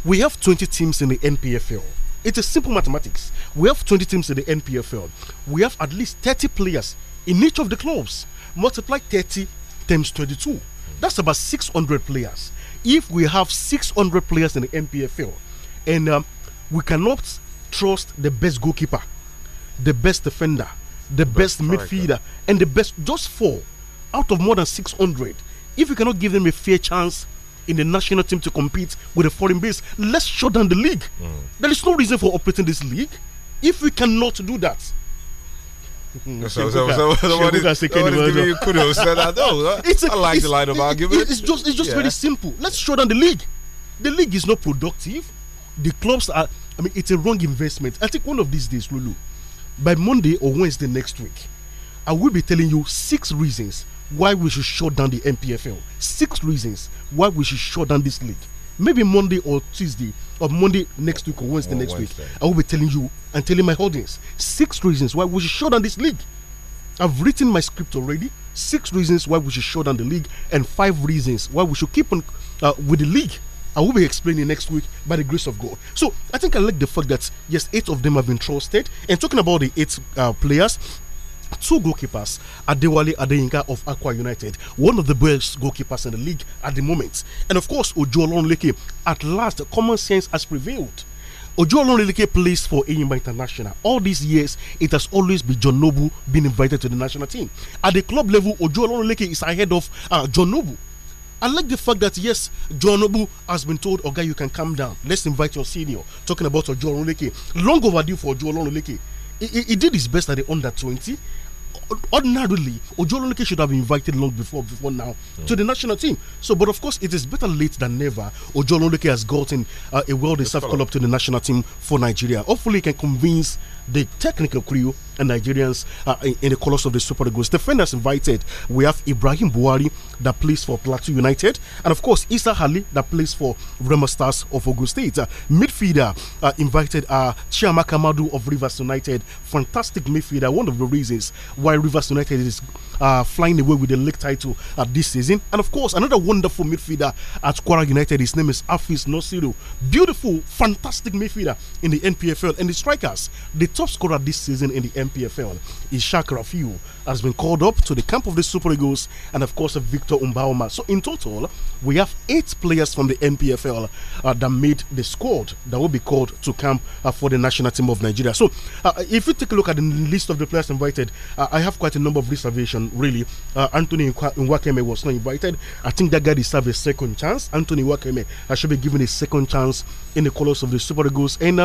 we have 20 teams in the NPFL. It is simple mathematics. We have 20 teams in the NPFL. We have at least 30 players in each of the clubs. Multiply 30 times 22. That's about 600 players. If we have 600 players in the NPFL, and um, we cannot trust the best goalkeeper, the best defender, the best, best midfielder, and the best just four out of more than 600. If you cannot give them a fair chance in the national team to compete with a foreign base. Let's shut down the league. Mm. There is no reason for operating this league if we cannot do that. I, it's like the line of argument. It's just, it's just yeah. very simple. Let's shut down the league. The league is not productive. The clubs are. I mean, it's a wrong investment. I think one of these days, Lulu, by Monday or Wednesday next week, I will be telling you six reasons why we should shut down the MPFL. Six reasons why we should shut down this league. Maybe Monday or Tuesday or Monday next week or oh, Wednesday or next Wednesday. week, I will be telling you and telling my audience six reasons why we should shut down this league. I've written my script already. Six reasons why we should shut down the league and five reasons why we should keep on uh, with the league. I will be explaining next week by the grace of God. So I think I like the fact that yes, eight of them have been trusted. And talking about the eight uh, players, two goalkeepers, Adewale Adeyinka of Aqua United, one of the best goalkeepers in the league at the moment. And of course, Ojo Olonleke, at last, common sense has prevailed. Ojo Olonleke plays for Enyimba International. All these years, it has always been John Nobu being invited to the national team. At the club level, Ojo Olonleke is ahead of uh, John Nobu. I like the fact that yes, John Nobu has been told, okay, you can calm down. Let's invite your senior. Talking about Ojo Olonleke, long overdue for Ojo Olonleke. He, he, he, did his best at the under 20 ordinarily, Ojolonke should have been invited long before before now mm. to the national team. So, but of course, it is better late than never. Ojolonke has gotten uh, a well-deserved call-up to the national team for Nigeria. Hopefully, he can convince the technical crew and Nigerians uh, in, in, the colours of the Super Eagles. Defenders invited we have Ibrahim Buari that plays for Plateau United, and of course Isa Hali that plays for Rema Stars of Ogun State. Uh, midfielder uh, invited uh, Chiamaka Madu of Rivers United, fantastic midfielder. One of the reasons why Rivers United is uh, flying away with the league title at uh, this season. And of course, another wonderful midfielder at Quara United. His name is Afis Nosiru. Beautiful, fantastic midfielder in the NPFL. And the strikers, the top scorer this season in the NPFL is Shaq Rafiu has been called up to the camp of the Super Eagles, and of course, Victor Umbauma. So, in total, we have eight players from the NPFL uh, that made the squad that will be called to camp uh, for the national team of Nigeria. So, uh, if you take a look at the list of the players invited, uh, I have quite a number of reservation, really. Uh, Anthony Nwakeme was not invited. I think that guy deserves a second chance. Anthony Nwakeme uh, should be given a second chance in the colors of the Super Eagles. And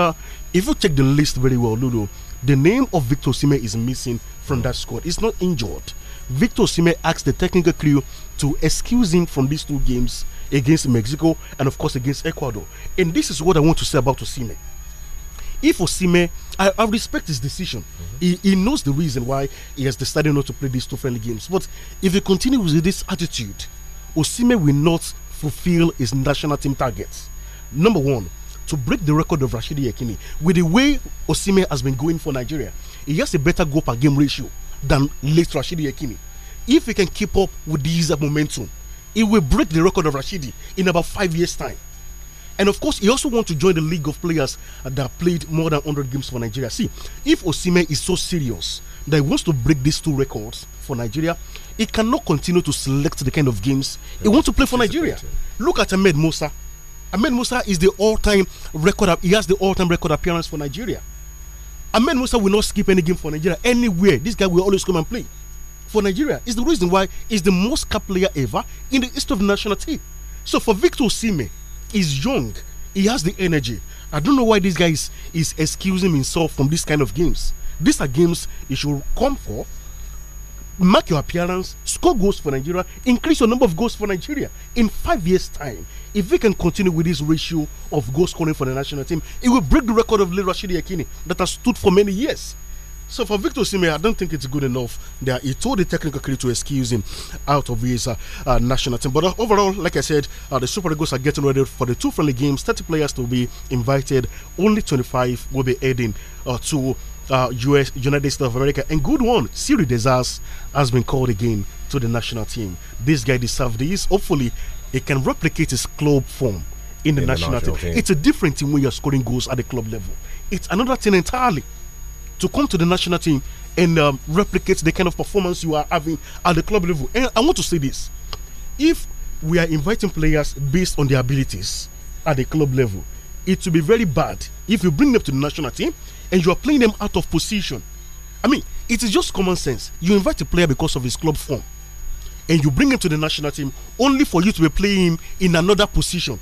if you check the list very well, Ludo, the name of Victor Sime is missing from that squad. He's not injured. Victor Sime asked the technical crew to excuse him from these two games against Mexico and, of course, against Ecuador. And this is what I want to say about Osime. If Osime, I, I, respect his decision. Mm -hmm. he, he, knows the reason why he has decided not to play these two friendly games. But if he continues with this attitude, Osime will not fulfill his national team targets. Number one, to break the record of Rashidi Yekini with the way Osime has been going for Nigeria. He has a better goal per game ratio than late Rashidi Yekini. If he can keep up with this momentum, he will break the record of Rashidi in about five years' time. And of course, he also wants to join the league of players that played more than 100 games for Nigeria. See, if Osime is so serious that he wants to break these two records for Nigeria, he cannot continue to select the kind of games he wants to play for Nigeria. Look at Ahmed Musa. Ahmed Musa is the all-time record. He has the all-time record appearance for Nigeria. Ahmed Musa will not skip any game for Nigeria anywhere. This guy will always come and play for Nigeria. It's the reason why he's the most capped player ever in the East of national team. So for Victor Sime, he's young. He has the energy. I don't know why this guy is, is excusing himself from this kind of games. These are games he should come for mark your appearance, score goals for Nigeria, increase your number of goals for Nigeria in five years' time if we can continue with this ratio of goal scoring for the national team, it will break the record of Lil Rashidi Akini that has stood for many years. So for Victor Sime, I don't think it's good enough that he told the technical crew to excuse him out of his uh, uh, national team. But uh, overall, like I said, uh, the Super Eagles are getting ready for the two friendly games. 30 players to be invited, only 25 will be heading uh, to US uh, United States of America. And good one, Siri Desas has been called again to the national team. This guy deserves this. Hopefully, he can replicate his club form in the, in national, the national team. team. It's a different team when you're scoring goals at the club level. It's another thing entirely to come to the national team and um, replicate the kind of performance you are having at the club level. And I want to say this: if we are inviting players based on their abilities at the club level, it will be very bad if you bring them to the national team and you are playing them out of position. I mean, it is just common sense. You invite a player because of his club form and you bring him to the national team only for you to be playing him in another position,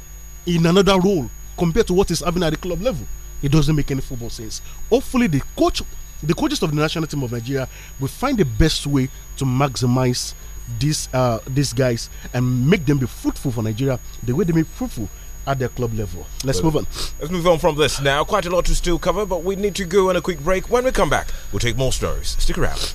in another role compared to what is happening at the club level. It doesn't make any football sense. Hopefully, the coach, the coaches of the national team of Nigeria, will find the best way to maximize these uh, these guys and make them be fruitful for Nigeria the way they make fruitful at their club level. Let's well, move on. Let's move on from this now. Quite a lot to still cover, but we need to go on a quick break. When we come back, we'll take more stories. Stick around.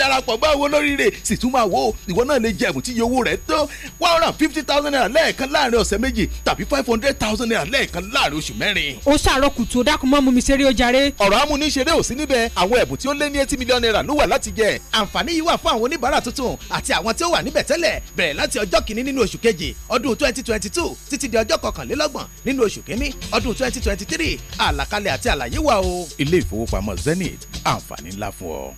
darapọ̀ bá owó lóríire sì tún máa wò ó ìwọ náà lè jẹ̀bù tí iye owó rẹ̀ tó one hundred and fifty thousand naira lẹ́ẹ̀kan láàrin ọ̀sẹ̀ méjì tàbí five hundred thousand naira lẹ́ẹ̀kan láàrin oṣù mẹ́rin. ó ṣàárọ̀ kùtù ó dákun mọ́ mú mi ṣeré ó ọ̀rọ̀ amúniṣeré ò sí níbẹ̀ àwọn ẹ̀bùn tí ó lé ní eighty million naira ló wà láti jẹ. àǹfààní yìí wà fún àwọn oníbàárà tuntun àti àwọn tí ó wà níbẹ̀ tẹ́lẹ̀ bẹ̀rẹ̀ láti ọjọ́ kìíní nínú oṣù kejì ọdún twenty twenty two títí di ọjọ́ kọkànlélọ́gbọ̀n nínú oṣù kìíní ọdún twenty twenty three àlàkalẹ̀ àti àlàyé wà o. ilé ìfowópamọ́ Zenith àǹfààní ńlá fún ọ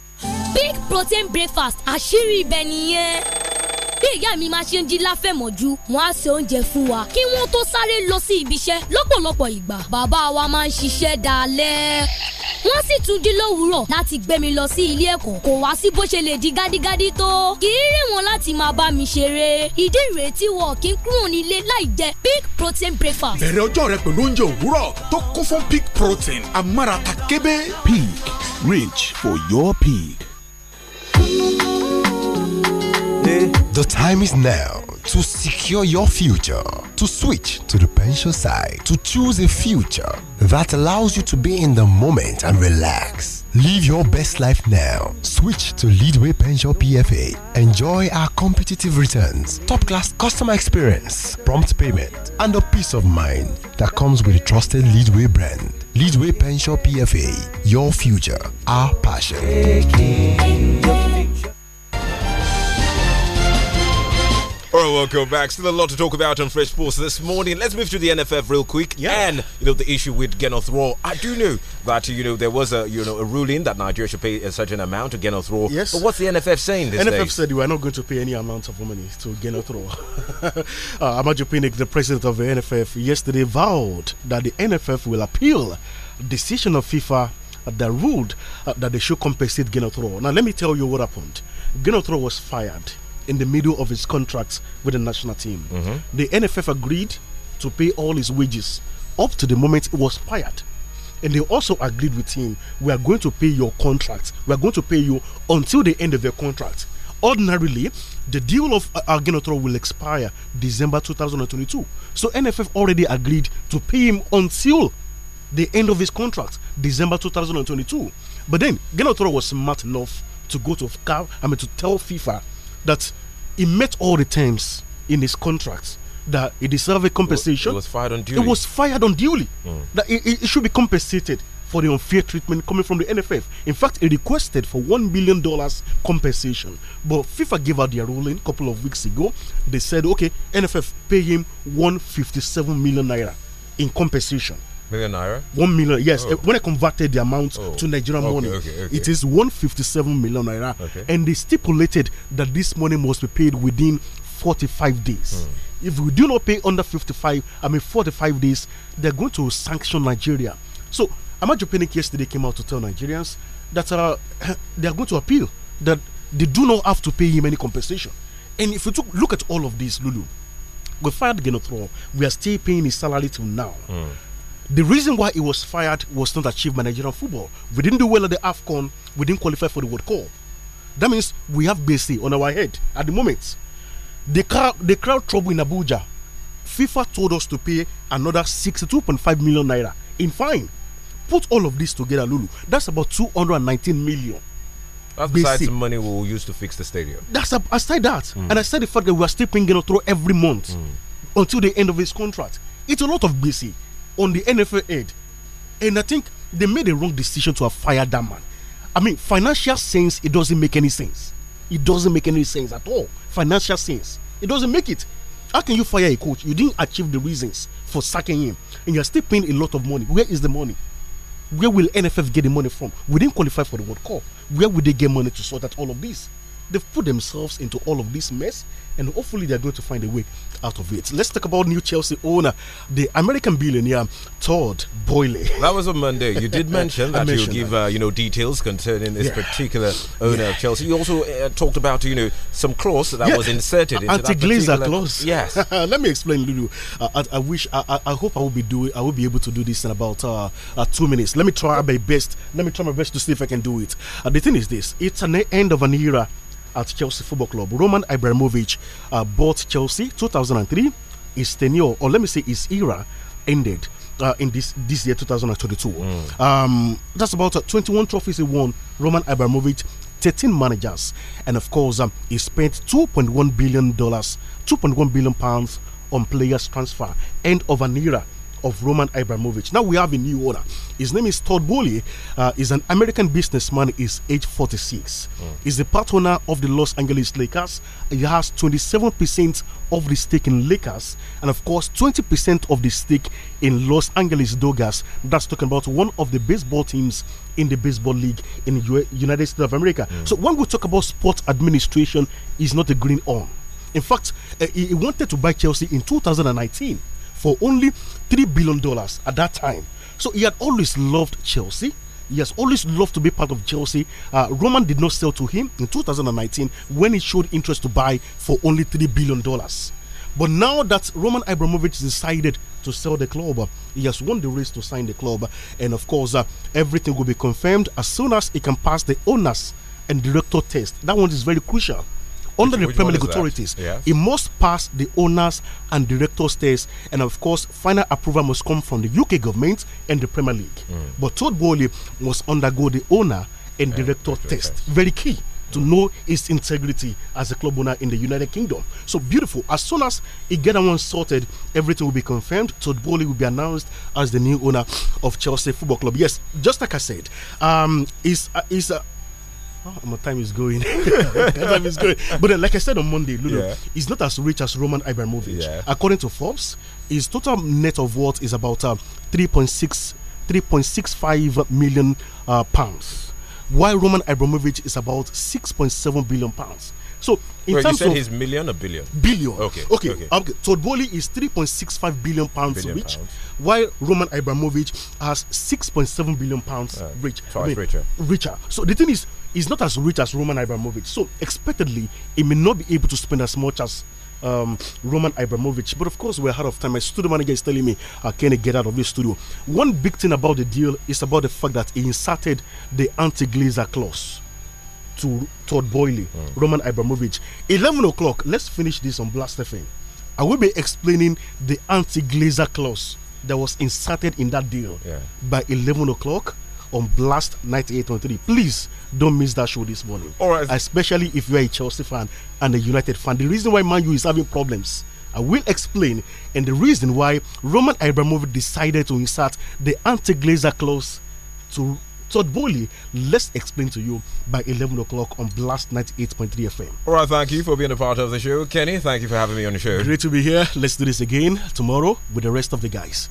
big protein breakfast àṣírí ibẹ̀ nìyẹn bí ìyá mi máa ṣe ń jí láfẹ̀mọ́jú wọ́n á ṣe oúnjẹ fún wa kí wọ́n tó sáré lọ sí ibiṣẹ́ lọ́pọ̀lọpọ̀ ìgbà bàbá wa máa ń ṣiṣẹ́ dalẹ́ wọ́n sì tún jí lówùúrọ̀ láti gbé mi lọ sí ilé ẹ̀kọ́ kò wá sí bó ṣe lè di gádígádí tó kì í rìn wọn láti máa bá mi ṣeré ìdí ìrètí wọ kí n kúrò nílé láì jẹ big protein breakfast. bẹ̀rẹ̀ ọjọ́ rẹ pẹ̀lú oúnjẹ òwúrọ̀ tó kún fún big protein amárata kébé. peak rich for your pig. Eh, the time is now to secure your future, to switch to the pension side, to choose a future that allows you to be in the moment and relax. Live your best life now. Switch to Leadway Pension PFA. Enjoy our competitive returns, top class customer experience, prompt payment, and the peace of mind that comes with a trusted Leadway brand. Leadway Pension PFA, your future, our passion. tomorrow. Welcome back. Still a lot to talk about on Fresh Sports this morning. Let's move to the NFF real quick. Yeah. And you know the issue with Genoth Raw. I do know that you know there was a you know a ruling that Nigeria should pay a certain amount to Genoth Raw. Yes. But what's the NFF saying? This NFF said we are not going to pay any amount of money to Genoth Raw. uh, Amaju Pinnick, the president of the NFF, yesterday vowed that the NFF will appeal decision of FIFA that ruled uh, that they should compensate Raw. Now, let me tell you what happened. Raw was fired in the middle of his contract with the national team. Mm -hmm. The NFF agreed to pay all his wages up to the moment it was fired. And they also agreed with him, we are going to pay your contract. We are going to pay you until the end of your contract. Ordinarily, the deal of Argenotro will expire December 2022. So NFF already agreed to pay him until the end of his contract, December 2022. But then Genotoro was smart enough to go to CAF, I mean to tell FIFA that he met all the terms in his contract that he deserved a compensation. It was fired on duty. It was fired on Mm. That it, should be compensated for the unfair treatment coming from the NFF. In fact, he requested for one billion dollars compensation, but FIFA gave out their ruling a couple of weeks ago. They said, okay, NFF pay him 157 million naira in compensation. Million naira? One million, yes. Oh. When I converted the amount oh. to Nigerian okay, money, okay, okay. it is 157 million naira. And they stipulated that this money must be paid within 45 days. Hmm. If we do not pay under 55, I mean 45 days, they're going to sanction Nigeria. So Amadio Pinnick yesterday came out to tell Nigerians that uh, they are going to appeal, that they do not have to pay him any compensation. And if you took, look at all of this, Lulu, we fired Genothro, we are still paying his salary till now. Hmm. The reason why he was fired was not achieved by Nigerian football. We didn't do well at the AFCON, we didn't qualify for the World Cup. That means we have BC on our head at the moment. The crowd, the crowd trouble in Abuja, FIFA told us to pay another 62.5 million naira in fine. Put all of this together, Lulu. That's about 219 million. That's besides the money we'll use to fix the stadium. That's a, aside that. Mm. And said the fact that we are still paying Genotro every month mm. until the end of his contract. It's a lot of BC on the NFL head. And I think they made a wrong decision to have fired that man. I mean, financial sense, it doesn't make any sense. It doesn't make any sense at all. Financial sense, it doesn't make it. How can you fire a coach? You didn't achieve the reasons for sacking him, and you're still paying a lot of money. Where is the money? Where will NFF get the money from? We didn't qualify for the World Cup. Where would they get money to sort out all of this? They've put themselves into all of this mess, and hopefully they're going to find a way out of it. Let's talk about new Chelsea owner, the American billionaire Todd Boyle. That was on Monday. You did mention that you'll give uh, you know details concerning this yeah. particular owner yeah. of Chelsea. You also uh, talked about you know some clause that yeah. was inserted into anti-glazer clause. Yes. Let me explain, Lulu. Uh, I, I, wish I, I, hope I will be doing I will be able to do this in about uh, uh, two minutes. Let me try my best. Let me try my best to see if I can do it. Uh, the thing is this: it's an end of an era at Chelsea Football Club. Roman Ibrahimovic uh, bought Chelsea 2003. His tenure, or let me say his era, ended uh, in this this year 2022. Mm. Um, that's about uh, 21 trophies he won. Roman Abramovich, 13 managers, and of course um, he spent 2.1 billion dollars, 2.1 billion pounds on players transfer. End of an era of Roman Abramovich. Now we have a new owner. His name is Todd Bowley. Uh, he's an American businessman. He's age 46. Mm. He's the part owner of the Los Angeles Lakers. He has 27% of the stake in Lakers and, of course, 20% of the stake in Los Angeles Dodgers. That's talking about one of the baseball teams in the baseball league in the United States of America. Mm. So when we talk about sports administration, he's not a green on. In fact, uh, he wanted to buy Chelsea in 2019 for only $3 billion at that time. So he had always loved Chelsea. He has always loved to be part of Chelsea. Uh, Roman did not sell to him in 2019 when he showed interest to buy for only $3 billion. But now that Roman Abramovich decided to sell the club, he has won the race to sign the club. And of course, uh, everything will be confirmed as soon as he can pass the owners and director test. That one is very crucial under which, the Premier League authorities. Yes. It must pass the owners and directors' test, and of course, final approval must come from the UK government and the Premier League. Mm. But Todd Bowley must undergo the owner and, and director test. Test. Very key to hmm. know his integrity as a club owner in the United Kingdom. So beautiful. As soon as it get that one sorted, everything will be confirmed. Todd Bowley will be announced as the new owner of Chelsea Football Club. Yes, just like I said, um, is uh, is uh, oh, my time is going. time is going. But then, like I said on Monday, Ludo, yeah. he's not as rich as Roman Ibrahimovic. Yeah. According to Forbes, his total net of worth is about uh, 3.6 3.65 million uh, pounds, while Roman Abramovich is about 6.7 billion pounds. So in Wait, terms you said of his million or billion? Billion. Okay. Okay. okay. okay. is 3.65 billion pounds billion rich, pounds. while Roman Abramovich has 6.7 billion pounds uh, rich. Twice I mean, richer. Richer. So the thing is, is not as rich as Roman Abramovich. So, expectedly, he may not be able to spend as much as um, Roman Abramovich. But of course, we're out of time. My studio manager is telling me, I uh, can't get out of this studio. One big thing about the deal is about the fact that he inserted the anti glazer clause to Todd Boyle, mm. Roman Abramovich. 11 o'clock, let's finish this on Blast FM. I will be explaining the anti glazer clause that was inserted in that deal yeah. by 11 o'clock on Blast 98.3. Please don't miss that show this morning. All right. Especially if you're a Chelsea fan and a United fan. The reason why Manu is having problems. I will explain, and the reason why Roman Abramovich decided to insert the anti-glazer clause to Todd Bowley. Let's explain to you by 11 o'clock on Blast 98.3 FM. All right, thank you for being a part of the show. Kenny, thank you for having me on the show. Great to be here. Let's do this again tomorrow with the rest of the guys.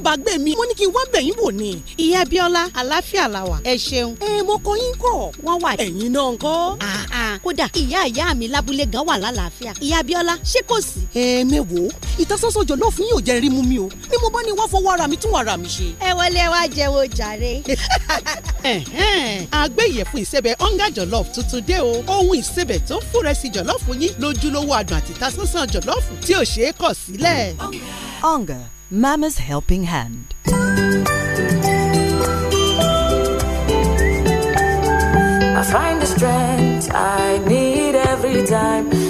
alábàágbé mi mo ní kí n wá bẹ̀yìn wò ni. ìyá Bíọ́lá àláfíà la wà. ẹ ṣeun. ẹ mo kọ yín kọ. wọ́n wà ẹ̀yin náà ńkọ́. kódà ìyá ìyá mi lábúlé gan wà lálàáfíà. ìyá Bíọ́lá ṣé kò sí. ẹ mẹ́wòó ìtasọ́sọ́ jọ̀lọ́ fún yóò jẹ́ rímú mi o ni mo bá ní wá fọwọ́ ara mi tún ara mi ṣe. ẹ wọlé wá jẹ́wọ́ jàre. àgbẹ̀yẹ̀fun ìsẹ̀bẹ̀ ọ̀ngá jọ̀lọ́f tuntun dé o ohun ìsẹ̀bẹ̀ tó ń fúnrẹ́sì jọ̀lọ́fù yín lójúlówó adùn àti ìtasọ́sọ́ jọ̀lọ́fù tí ò ṣeé kọ̀ sílẹ̀. ọ̀ngá Mama's Helping Hand. I find the strength I need every time.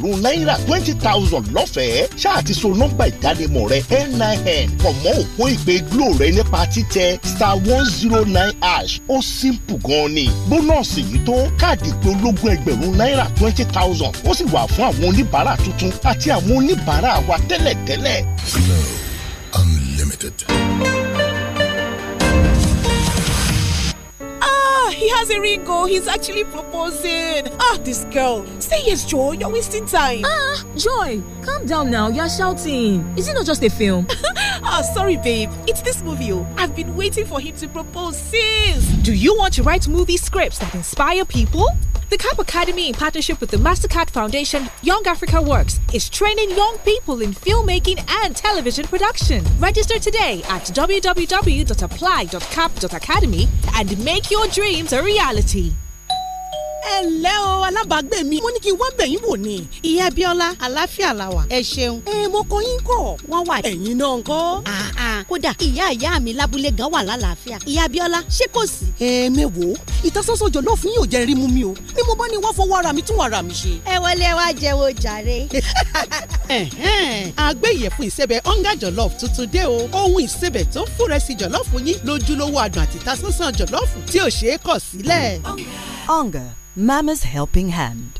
ẹgbẹ̀rún náírà twenty thousand lọ́fẹ̀ẹ́ ṣáà ti so nọ́mbà ìdánimọ̀ rẹ nin pọ̀ mọ́ òpó ìpè glo rẹ nípa títẹ star one zero nine hash ó simple gan ni bónọ́ọ̀sì yìí tó káàdì pé ológun ẹgbẹ̀rún náírà twenty thousand ó sì wà fún àwọn oníbàárà tuntun àti àwọn oníbàárà wa tẹ́lẹ̀tẹ́lẹ̀. Glo Unlimited. has a ring, oh, he's actually proposing. Ah, this girl. Say yes, Joy, you're wasting time. Ah, Joy, calm down now, you're shouting. Is it not just a film? ah, sorry, babe. It's this movie, oh. I've been waiting for him to propose since. Do you want to write movie scripts that inspire people? The CAP Academy, in partnership with the MasterCard Foundation, Young Africa Works, is training young people in filmmaking and television production. Register today at www.apply.cap.academy and make your dreams a reality. ẹ ǹlẹ́ o alábàágbé mi mo ní kí n wá bẹ̀yìn wò ni. ìyá Bíọ́lá àlàáfíà la wà ẹ ṣeun. ẹ mo kọ yín kọ wọ́n wà ẹ̀yin náà ńkọ́. àà kódà ìyá ìyá mi lábúlé gan wà lálàáfíà ìyá Bíọ́lá ṣé kò sí. ẹ mẹ́wò ìtasọ́sọ́jọ ló fún yóò jẹ́ rí mi o ni mo bá ní wá fọwọ́ ara mi tún ara mi ṣe. ẹ wọlé wá jẹ́wọ́ jàre. àgbẹ̀ ìyẹ̀fun ìsẹ̀bẹ̀ ọ̀ngá jọ̀lọ́ọ̀fù tuntun dé o ohun ìsẹ̀bẹ̀ tó ń fúnrẹ́sì jọ̀lọ́ọ̀fù yín lójúlówó adùn àti ìtasọ́sọ́ jọ̀lọ́ọ̀fù tí ò ṣeé kọ̀ sílẹ̀. ọ̀gá Mama's Helping Hand.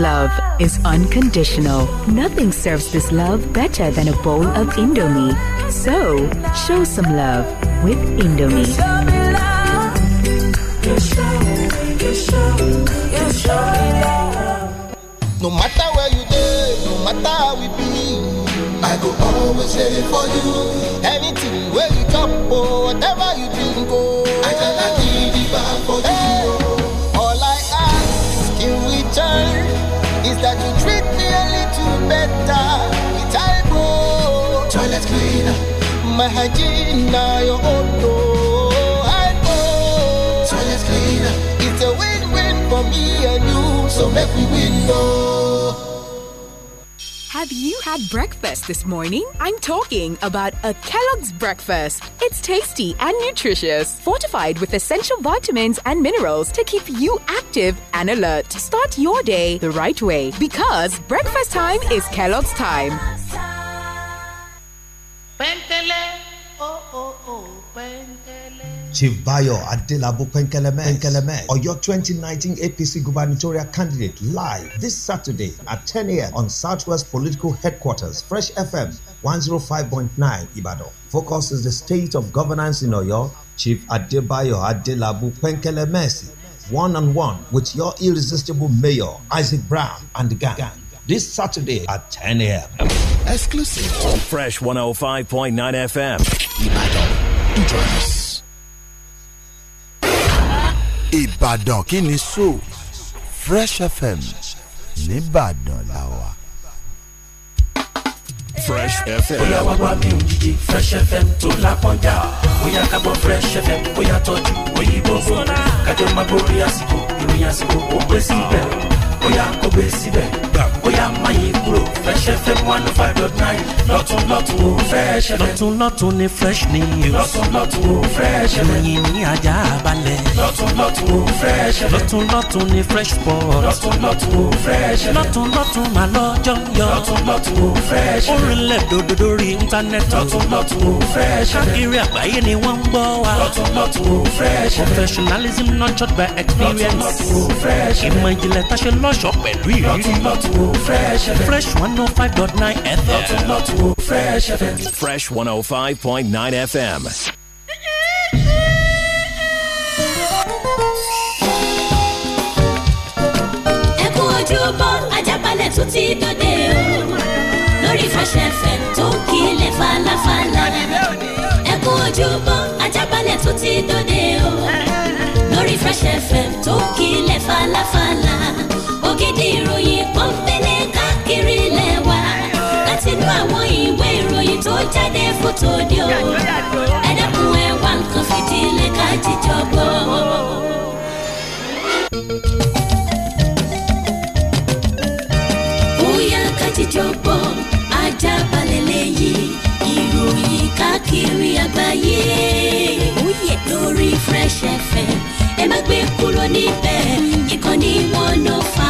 love is unconditional. Nothing serves this love better than a bowl of Indomie. So, show some love with Indomie. No matter where you go, no matter how we be, I go always ready for you. Anything where you come, oh. your It's a win-win for me and you. So make win, Have you had breakfast this morning? I'm talking about a Kellogg's breakfast. It's tasty and nutritious, fortified with essential vitamins and minerals to keep you active and alert. Start your day the right way because breakfast time is Kellogg's time. Chief Bayo Adelabu Kwenkelemes, or your 2019 APC gubernatorial candidate live this Saturday at 10 a.m. on Southwest Political Headquarters, Fresh FM 105.9 Ibadan. Focus is the state of governance in Oyo. Chief Adebayo Adelabu Kwenkelemes, one on one with your irresistible mayor, Isaac Brown, and the gang this Saturday at 10 a.m. Exclusive on Fresh 105.9 FM. Ibadan. Ìbàdàn kí ni so Fresh FM nìbàdàn la wà. Fresh FM. bóyá wàá wá mi ò jíjẹ Fresh FM tó lápọ́njà bóyá ká gbọ́ Fresh FM bóyá tọ́jú òyìnbó bò kájọ máa gbórí àsìkò ìròyìn àsìkò ó gbé síbẹ̀ bóyá kò gbé síbẹ̀ program. bóyá má yí kúrò Fresh FM one oh five dot nine lọ́tún lọ́tún ó Fresh FM. lọ́tún lọ́tún ni fresh news. lọ́tún lọ́tún ó Fresh FM. ìròyìn ní ajá balẹ̀. lọ́tún lọ́tún ó Fresh FM. lọ́tún lọ́tún ni fresh sport. lọ́tún lọ́tún ó Fresh FM. lọ́tún lọ́tún má lọ́jọ́ yọ. lọ́tún lọ́tún ó Fresh FM. orílẹ̀ dòdò lórí íńtánẹ́ẹ̀tì. lọ́tún lọ́tún ó Fresh FM. káàkiri àgbáyé ni wọ́n ń gbọ́ wa. lọ́tún lọ́tún ó Fresh FM. professionalism nurtured by experience. lọ́tún lọ́tún ó Fresh FM. ìmọ̀ ìjìnlẹ̀ tá a ṣe lọ́ṣọ̀ọ́ pẹ̀lú ìrírí. lọ́tún lọ́tún fresh fm. fresh one oh five point nine fm. lọ́tún fresh fm. fresh one oh five point nine fm. ẹkún bo ajábalẹ̀ tún ti dòde o lórí fresh fm tó ń kílẹ̀ falafala ẹkún bo ajábalẹ̀ tún ti dòde o lórí fresh fm tó ń kílẹ̀ falafala. ògidì ìròyìn kan fẹlẹ̀ káàkiri ilẹ̀ wa láti inú àwọn ìwé ìròyìn tó jáde fótó di o ẹ dẹ́kun ẹ wá nǹkan fìdílé ká jíjọ gbọ́. bóyá ká jíjọ gbọ́ ajá balẹ̀ lẹ́yìn ìròyìn káàkiri àgbáyé lórí Fresh FM ẹ má gbé kúrò níbẹ̀ ìkànnì one oh five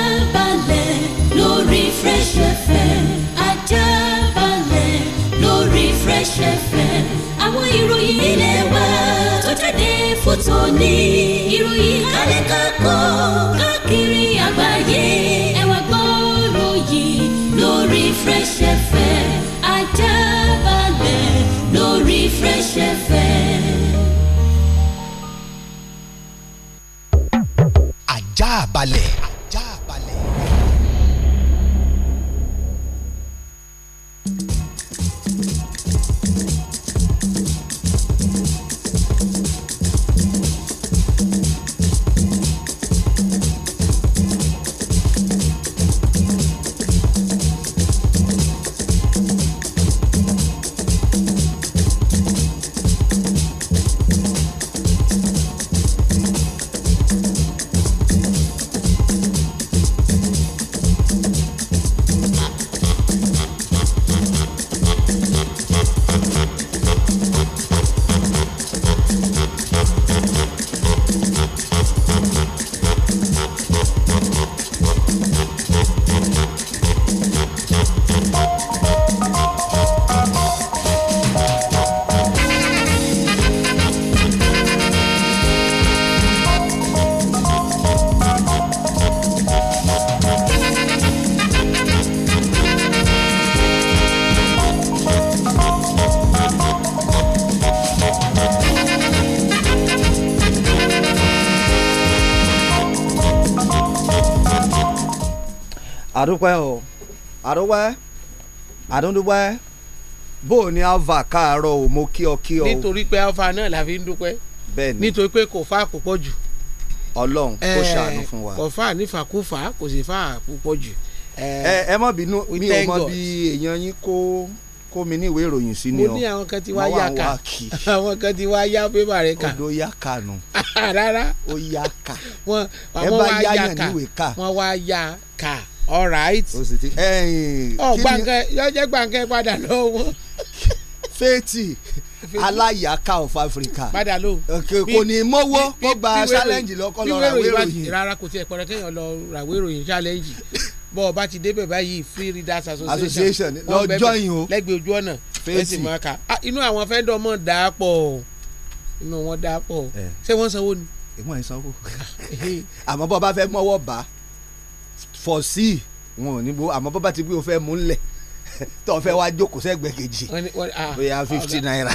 òní. ìròyìn kálẹ̀ kakọ́ káàkiri àgbáyé. ẹ wá gbọ́rọ̀ yìí lórí Fresh FM ajá balẹ̀ lórí Fresh FM. ajá balẹ̀. àdúpẹ́ o àdúpẹ́ àdúndúpẹ́ bó o ní alva káàárọ̀ o mo kí ọ kí ọ. nítorí pé alva náà la fi ń dúpẹ́ bẹ́ẹ̀ni nítorí pé kò fà púpọ̀ jù. Ọlọ́run kò eh, ṣàánú fún wa. kò fà nífàkúfà kò sì fà púpọ̀ jù. ẹ eh, eh, ẹ má bínú mi ò mọ bí èèyàn yín kó kó mi ní ìwé ìròyìn sí ni o mo ní àwọn kan ti wá yá ká àwọn kan ti wá yá pépà rẹ ká odò yá ká nu rárá ó yá ká ẹ bá yá yàn níwèé ká wọn wá yá ká all right. o sì ti ẹyìn. ọ gbàǹkẹ yọjẹ gbàǹkẹ padà lọ́wọ́. fẹ́ẹ̀tì aláyàká of Africa. padà ló. kò ní mọ́wọ́ kó gba challenge lọ́kọ́ lọ ràwé ìròyìn. rárá kò tiẹ̀ pẹ̀rẹ̀ kéèyàn lọ ràwé ìròyìn challenge bọ́ ọ bá ti débẹ̀ báyìí free readers association lọ join o lẹ́gbẹ̀ẹ́ ojú ọ̀nà fẹ́ẹ̀tì máa kà ah, inú àwọn fẹ́ndọ̀ mọ̀ dáa pọ̀ inú wọn dáa pọ̀ eh. ṣé wọ́n sanwó ni. èmi ò sanwó àmọ́ bọ́ ọ bá fẹ́ mọ́wọ́ bá fọ́ọ̀sì wọn ò ní bo àmọ́ bọ́bá ti gbé o fẹ́ mú lẹ̀ tó fẹ́ wá jókòó sẹ́gbẹ̀ kejì bóyá ah, fifty ah, naira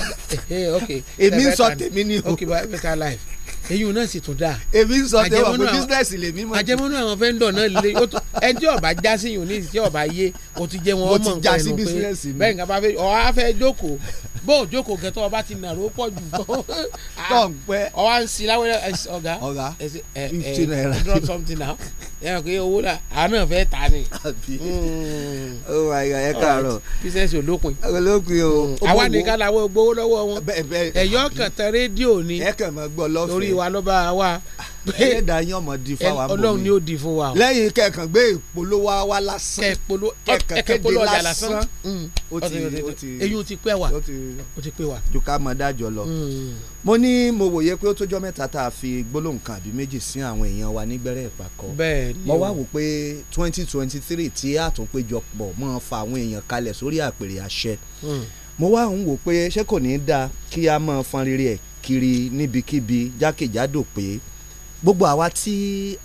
eh, eh, èmi ń sọ tèmi ni o. okay better life eyín náà sì tún dáa. èmi ń sọ tẹ́wọ̀ pé business lè mí mọ́. àjẹmọ́nú àwọn vendor náà lè ẹjẹ́ ọba já sí yòó ní ìṣe ọba yé o ti jẹ́ wọn ọmọ nǹkan ẹ̀ lọ pé bẹ́ẹ̀ nǹkan bá fẹ́ jókòó bó o jókòó gẹ́tọ́ ọba ti nàró pọ̀ jù tó tó ń pẹ́ ọwọ́ à ń si láwẹ́rẹ́ ọ̀gá ọ̀gá fifty naira drop something now yẹ́n kò yẹ owó náà àwọn náà fẹ́ ta ni. Hmm. oh my god ẹ káàárọ̀ business olókun olókun o. Hmm. àwa nìkan làwọn gbowó lọ́wọ́ wọn ẹ̀yọ́ kàn rédíò ni torí wa ló bá wa ẹlẹ́dàá yín ọmọ di fún wa mọ́ ọlọ́run ni ó di fún wa o. lẹ́yìn kẹ̀kàn gbé ìpolówó wa lásán kẹ̀kẹ́dé lásán ó ti ó ti èyí ó ti pẹ́ wa ó ti pẹ́ wa. ju ká mọ dájọ lọ. Mm. mo ní mo wòye pé ó tójọ́ mẹ́ta tá a fi gbólóhùn kan àbí méjì sí àwọn èèyàn wa nígbẹ́rẹ́ ìpàkọ́. mo wá wò pé twenty twenty three tí àtúnpéjọpọ̀ mọ́ fa àwọn èèyàn kalẹ̀ sórí àpèrè àṣẹ mm. mo wá ń wò pé ṣé kò ní í dáa kí a máa fọn rere ẹ̀ kiri níbikíbi jákèjádò pé gbogbo àwa tí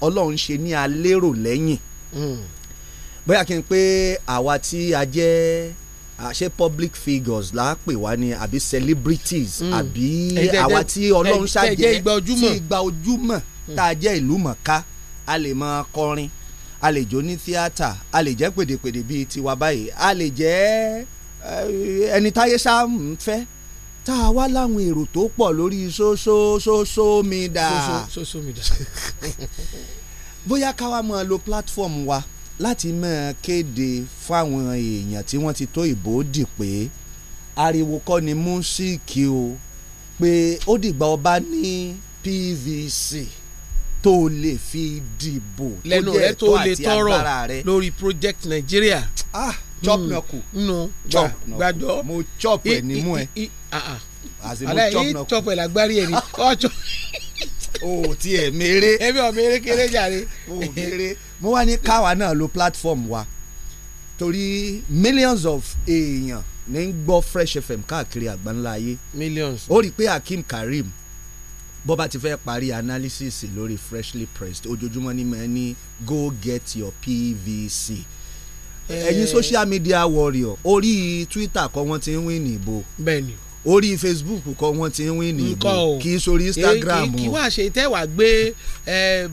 ọlọ́run ṣe ní alérò lẹ́yìn hmm. bóyá kí n pé àwa tí a jẹ́ àṣẹ public figures là á pè wá ni àbí celebrities hmm. àbí àwa tí ọlọ́run ṣàjẹ́ tí ìgbà ojúmọ̀ hmm. tá a jẹ́ ìlú mọ̀ká a lè máa kọrin a lè jó ní tíátà a lè jẹ́ pèdèpèdè bíi tiwa báyìí a lè jẹ́ eh, ẹni táyé ṣáà ń fẹ́ tá a wá láwọn èrò tó pọ̀ lórí sósósósó mi dà bóyá ká wá máa lo platform wa láti máa kéde fáwọn èèyàn tí wọ́n ti tó ìbò dì pé ariwo kọ́ ni músíkì o pé ó dìgbà ọba ní PVC tó lè fi dìbò tó jẹ́ rẹ tó lè tọrọ lórí project Nigeria. Ah Hmm. chop knuckle. nù chop gbàjọ. mo chop ẹ ní mú ẹ. aláì ah, ah. yìí chop ẹ lágbárí ẹ ní. o ti ẹ mèrè. ẹbí ọ mèrè kéré jàre. o mèrè mo wá ní káwa náà lo platform wa torí millions of èèyàn ní gbọ́ fresh fm káàkiri àgbáńlá ayé. millions. ó rí i pé Hakeem Karim bó bá ti fẹ́ parí analysis lórí freshly pressed ojoojúmọ́ ni mo ní go get your PVC Eh, ẹ̀yin social media warrior orí twitter kọ́ wọ́n ti ń win ìbò orí facebook kọ́ wọ́n ti ń win ìbò kì í sórí instagram o. kì í wá ṣe tẹ́ wàá gbé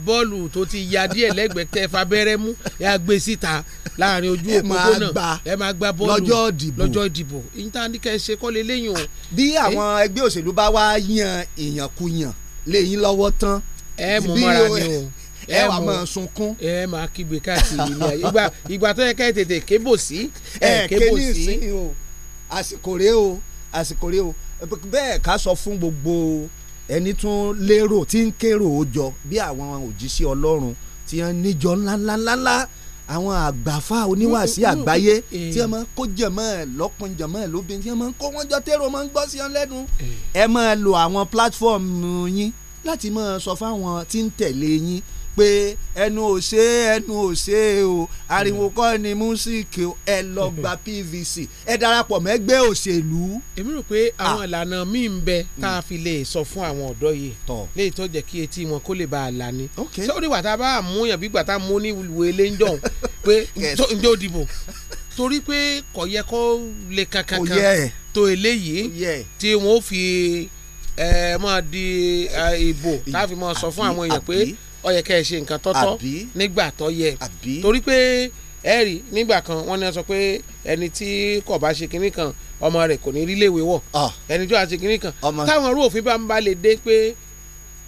bọ́ọ̀lù tó ti ya díẹ̀ lẹ́gbẹ̀ẹ́ tẹ́ fabẹ́rẹ́ mú yà gbé síta láàrin ojú òpópónà ẹ máa gba bọ́ọ̀lù lọ́jọ́ ìdìbò lọ́jọ́ ìdìbò intanikẹ́ ṣe kọ́ lé lẹ́yìn o. bí àwọn eh? ẹgbẹ́ òṣèlú bá wá yan èèyàn kú yàn lẹ́yìn lọ́wọ́ tán. ẹ mú mọ́ra ni o ẹ wà máa sunkún. ẹ máa kígbe káàkiri ilé ayé ìgbà ìgbà tó yẹ ká ẹ tètè kébò sí. ẹ kébò sí o àsìkò rèé o àsìkò rèé o bẹ́ẹ̀ ká sọ fún gbogbo ẹni tún lérò tí ń kérò ó jọ bí àwọn òjíṣẹ́ ọlọ́run tí wọ́n níjọ ńláńláńlá àwọn àgbàfà oníwàásí mm, mm, mm, àgbáyé tí wọ́n máa kó jẹ̀mọ́ ẹ̀ lọ́kùn jẹ̀mọ́ ẹ̀ lóbìn tí wọ́n máa kó wọ́n jọ tèrò máa ń gbọ́ sí wọn lẹ́nu ẹ máa lo àwọn platform yín láti máa sọ fáwọn tí ń tẹ̀lé yín pé ẹnu ò ṣe é ẹnu ò ṣe é o ariwo mm. kọ́ ni músíkì ẹ lọ mm. gba PVC ẹ darapọ̀ mẹ́gbẹ́ òṣèlú. èmi rò pé ah. àwọn ìlànà míì ń bẹ tá a mm. fi lè sọ fún àwọn ọ̀dọ́ yìí léyìí tó jẹ́ kí etí wọn kó lè bá a lani. ṣé ó ní wàtá bá a mú yàn bí gbàtà mú ní ìwé lẹ́ńjọ̀n pé njó dìbò torí pé kò yẹ kó lè kankan tó eléyìí tí wọ́n fi ẹ̀ máa di ìbò láfi máa sọ fún àwọn èèyàn pé ó yẹ kẹ́ ẹ ṣe nǹkan tọ́tọ́ nígbà tó yẹ torí pé ẹ̀rí nígbà kan wọ́n ní wọ́n sọ pé ẹni tí kò bá ṣe kinní kan ọmọ rẹ̀ kò ní rí léwé wọ̀ ẹni tí wọ́n ṣe kinní kan táwọn irú òfin bá ń bá lè dé pé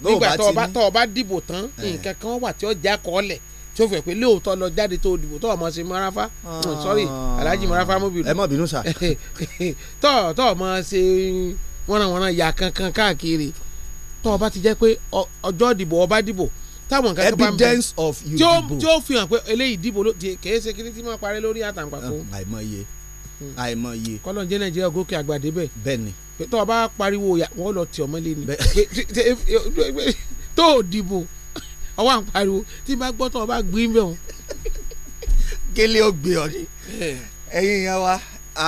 nígbà tó o bá dìbò tán nǹkan kan wà tí ó já kọ́ ọ́ lẹ̀ tó fẹ́ pé lóòótọ́ lọ jáde tó dìbò tó ọmọ sí marafa hmm, sorry alhaji marafa mobilu. ẹ má bínú sá. tọ́ tọ́ ọmọ ṣe wọ́nàwọ́nà yà kankan káàkiri tọ́ ọba ti jẹ́ pé ọjọ́ dìbò ọba dìbò táwọn nǹkan kan bá ń bẹ evidence of you dìbò tí ó fi hàn pé eléyìí dìbò kìí ṣe kí ni tí máa parẹ́ lórí àtàǹpàkò. Ah, àìmọye hmm. àìmọye. kọ́lọ̀ ń jẹ́ nàìjíríà gòkè àgbà débẹ̀. bẹ́ẹ̀ni. pé tó o bá pariwo wọ́n lọ tì ọmọ lé ni. tó o dìbò ọwọ́ à ń pariwo tí bá gbọ́ tó o bá gbé ń bẹ̀ kélé ó gbé ọ ni eh. ẹ̀yin yẹn wa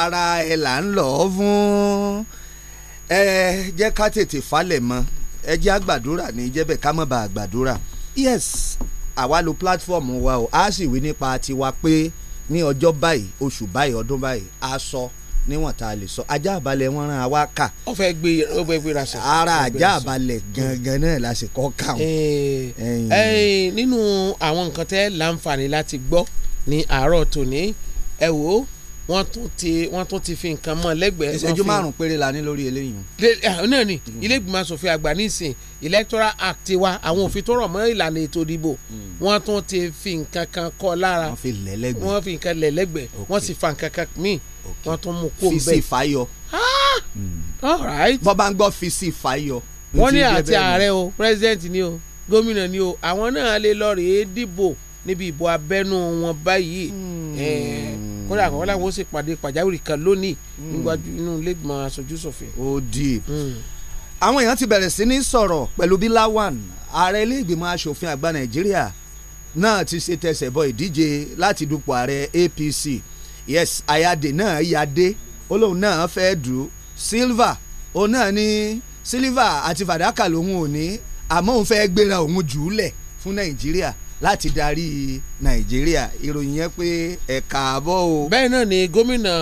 ara ẹ̀ là ń lọ fún ẹ jẹ́ ká tètè falẹ̀ mọ́ ẹ jẹ́ àgbàdúrà ní jẹ́bẹ̀ ká má bàa àgbàdúrà yes àwa lo platform wa o a sì wí nípa tiwa pé ní ọjọ́ báyìí oṣù báyìí ọdún báyìí a sọ níwọ̀n tá a lè sọ ajá àbálẹ̀ wọn rán àwa kà. ó fẹ́ gbé ó fẹ́ gbé ra sọ. ara ajá àbálẹ̀ gangan náà la sì kọ́ kà wọ́n. Eh, nínú àwọn nǹkan tẹ́ láǹfààní láti gbọ́ ní àárọ̀ tòní ẹ wò ó wọ́n tún ti wọ́n tún ti fi nǹkan mọ́ lẹ́gbẹ̀ẹ́. ìṣẹ́jú márùn-ún péré la ní lórí eléyìí. náà ni ilé ìgbìmọ̀ asòfin àgbà nísìn electoral act wa àwọn òfin tó rọ̀ mọ́ ìlànà ètò ìdìbò hmm. wọ́n tún ti fi nǹkan kan kọ́ lára wọ́n fi lẹ́lẹ́gbẹ̀ẹ́ wọ́n fi nǹkan lẹ́lẹ́gbẹ̀ẹ́ wọ́n sì fa nǹkan kan míì wọ́n tún mú kó bẹ́ẹ̀. fisi fayọ. bọ́ bá ń gbọ́ fisi fayọ. wọ́n ní àti ààrẹ o president ni o gómìnà ni o àwọn náà lè lọ rèé dìbò níbi ìbò abẹ́nú wọn báyìí. Hmm. Hmm. kódà àkọ́kọ́ làwọn ó sì pàdé pàjáwìrì kan lónìí hmm. níwájú inú lẹ́gbọ̀n aṣojú ṣòfin. ó di hmm. àwọn èèyàn ti bẹ̀rẹ̀ sí ní sọ̀rọ̀ pẹ̀lú bí Lawan ààrẹ ilé ìgbìmọ̀ asòfin àgbà Nàìjíríà náà ti ṣe tẹsẹ̀ bọ ìdíje láti dupò ààrẹ APC yes Ayade náà yade olóhùn náà fẹ́ dùn Silva òun náà ni Silva àti Fàdákà lòun ò ní àmọ́ òun fẹ́ gbéra òun jù ú lẹ̀ fún Nàìjíríà láti darí nàìjíríà ìròyìn yẹn pé ẹ̀ka àbọ̀ o. bẹ́ẹ̀ náà ni gómìnà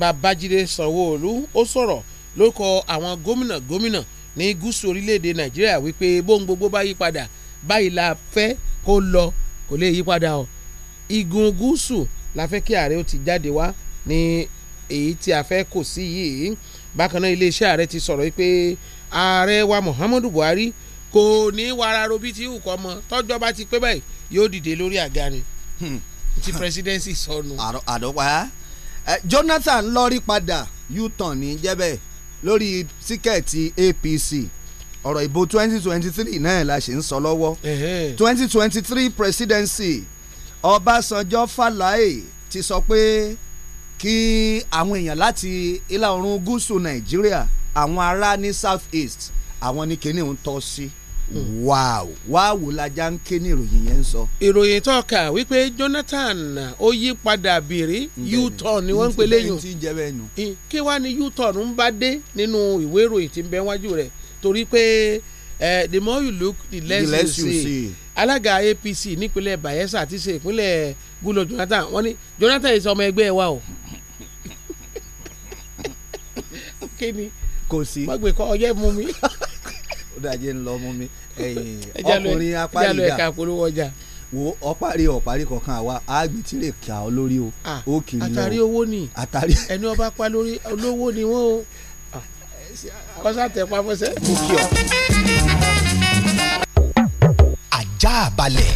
babájídé sanwó-olú ó sọ̀rọ̀ lórúkọ àwọn gómìnà gómìnà ní gúúsù orílẹ̀-èdè nàìjíríà wípé bóun gbogbo bá yí padà báyìí la fẹ́ kó lọ kò lè yí o igun gúúsù la fẹ́ kí ààrẹ ó ti jáde wá ní èyí tí a fẹ́ kò sí yìí bákan náà iléeṣẹ́ ààrẹ ti sọ̀rọ̀ wípé ààrẹ wa muhammadu buhari kò ní wàrà robí tí ìwù kọ́ mọ tọ́jọ́ bá ti pé báyìí yóò dìde lórí àga ni hmm. ti presidency sọnù. àdọ́pá Jonathan lọ́rí padà u-turn ní jẹ́bẹ̀ lórí tíkẹ́ẹ̀tì APC ọ̀rọ̀ ìbò 2023 náà la ṣe ń sọ lọ́wọ́ 2023 presidency Ọbásanjọ́ Fálàé ti sọ pé kí àwọn èèyàn láti ìlà oòrùn gúúsù Nàìjíríà àwọn ará ní South East àwọn ní kíní ń tọ́ sí. Si wáò wáò lajá ń ké ní ìròyìn yẹn ń sọ. ìròyìn tó kà wípé Jonathan ó yí padà bìrí u-turn ni wọ́n ń pè léyìn kí wàá ní u-turn ń bá dé nínú ìwé ìròyìn tí ń bẹ wájú rẹ̀ torí pé the more you look the less, the less you see. see. alága APC nípínlẹ̀ Bayelsa ti ṣe ìpínlẹ̀ Goodluck Jonathan wọ́n ní Jonathan yìí sọ ọmọ ẹgbẹ́ wa o. kí ni kò sí. má gbé kọ́ ọyẹ́ mú mi. ó dàjẹ́ ń lọ mú mi ọkùnrin apá ìgbà wo ọparí ọparí kankan àwa àgbè tí lè kà ọ lórí o ó kiri lọ àtàrí owó ni àtàrí ẹni ọba pa lórí olówó ni wọn o kọsá tẹ pa fọsẹ. ajá balẹ̀.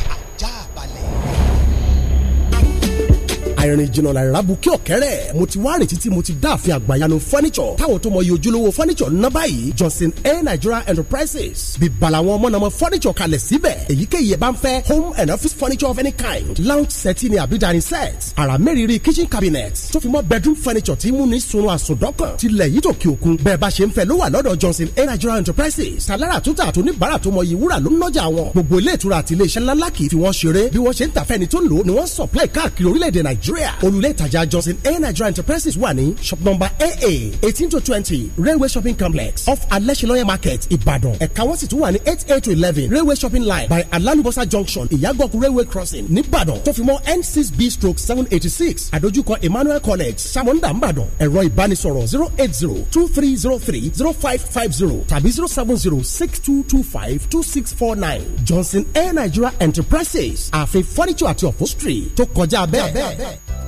àìrìn jìnnà làrá bu kí ọ̀kẹ́rẹ́ mo ti wá rìn títí mo ti dá àfin àgbàyanu furniture táwọn tó mọ iye ojúlówó furniture ná báyìí Johnson A Nigeria Enterprises bíbá làwọn mọ̀nàmọ́ furniture kalẹ̀ síbẹ̀ èyíkéyìí ẹ̀ bá ń fẹ́ home and office furniture of any kind lounge set ni àbí dining set àrà mẹ́rìírí kitchen cabinet tó fi mọ́ bedroom furniture tí mú ní sunun àsùndọ́kàn tilẹ̀ yìí tó kí òkun bẹ́ẹ̀ bá ṣe ń fẹ́ ló wà lọ́dọ̀ Johnson A Nigeria Enterprises tàlára tó tà tó níbàárà tó mọ iye wúrà ló ń nọ́jà wọn gbogbo ilé ìtura àti ilé iṣẹ́ ńláńlá kì í fi wọ́n ṣeré bí wọ́n ṣe ń tàfẹ́ni tó lò ó ni wọ́n supply káàkiri orílẹ̀-èdè Nàìjíríà nàìjíríà olùlé ìtajà johnson air nigeria enterprises wà ní shop number aa eighteen to twenty railway shopping complex off alẹ́sìlọ́yẹ̀ market ìbàdàn ẹ̀ka wọ́n sì tún wà ní eight eight to eleven railway shopping line by alalubosa junction ìyàgòkú railway crossing nìbàdàn tó fi mọ́ n six b stroke seven eighty six àdójúkọ emmanuel college samonda nìbàdàn ẹ̀rọ ìbánisọ̀rọ̀ zero eight zero two three zero three zero five five zero tàbí zero seven zero six two two five two six four nine johnson air nigeria enterprises àfi fọ́nìṣọ́ àti upholstery tó kọjá bẹ́ẹ̀. it.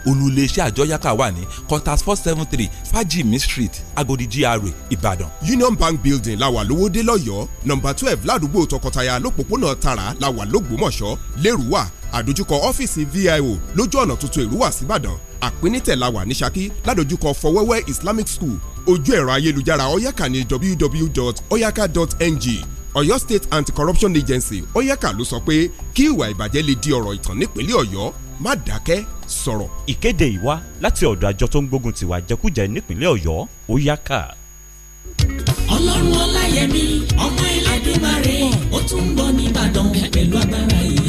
olùléṣẹ́ àjọyàká wà ní contact four seven three fajimi street agodi gra ìbàdàn. union bank building làwà lówódé lọ́yọ́ọ́ nọ́mbà twelve ládùúgbò tọkọtaya lọ́pọ̀pọ̀nà tara làwà lógbómọ̀ṣọ́ lérúwà àdójúkọ ọ́fíìsì vio lójú ọ̀nà tuntun ìrúwà síbàdàn àpínítẹ̀ làwà ní ṣakí ládójúkọ fọwẹ́wẹ́ islamic school ojú ẹ̀rọ ayélujára oyaka ní www.oyaka.ng ọ̀yọ́ state anti-corruption agency oyaka ló sọ pé kí ìwà ìbàjẹ́ lè di ọ̀rọ̀ ìtàn nípínlẹ̀ ọ̀yọ́ má dákẹ́ sọ̀rọ̀. ìkéde ìwá láti ọ̀dọ̀ àjọ tó ń gbógun tiwa jẹkújẹ nípínlẹ̀ ọ̀yọ́ ó yá ká. ọlọ́run ọláyẹmí ọmọ ẹlẹ́dùnmarè ó tún ń bọ̀ nìbàdàn pẹ̀lú agbára yìí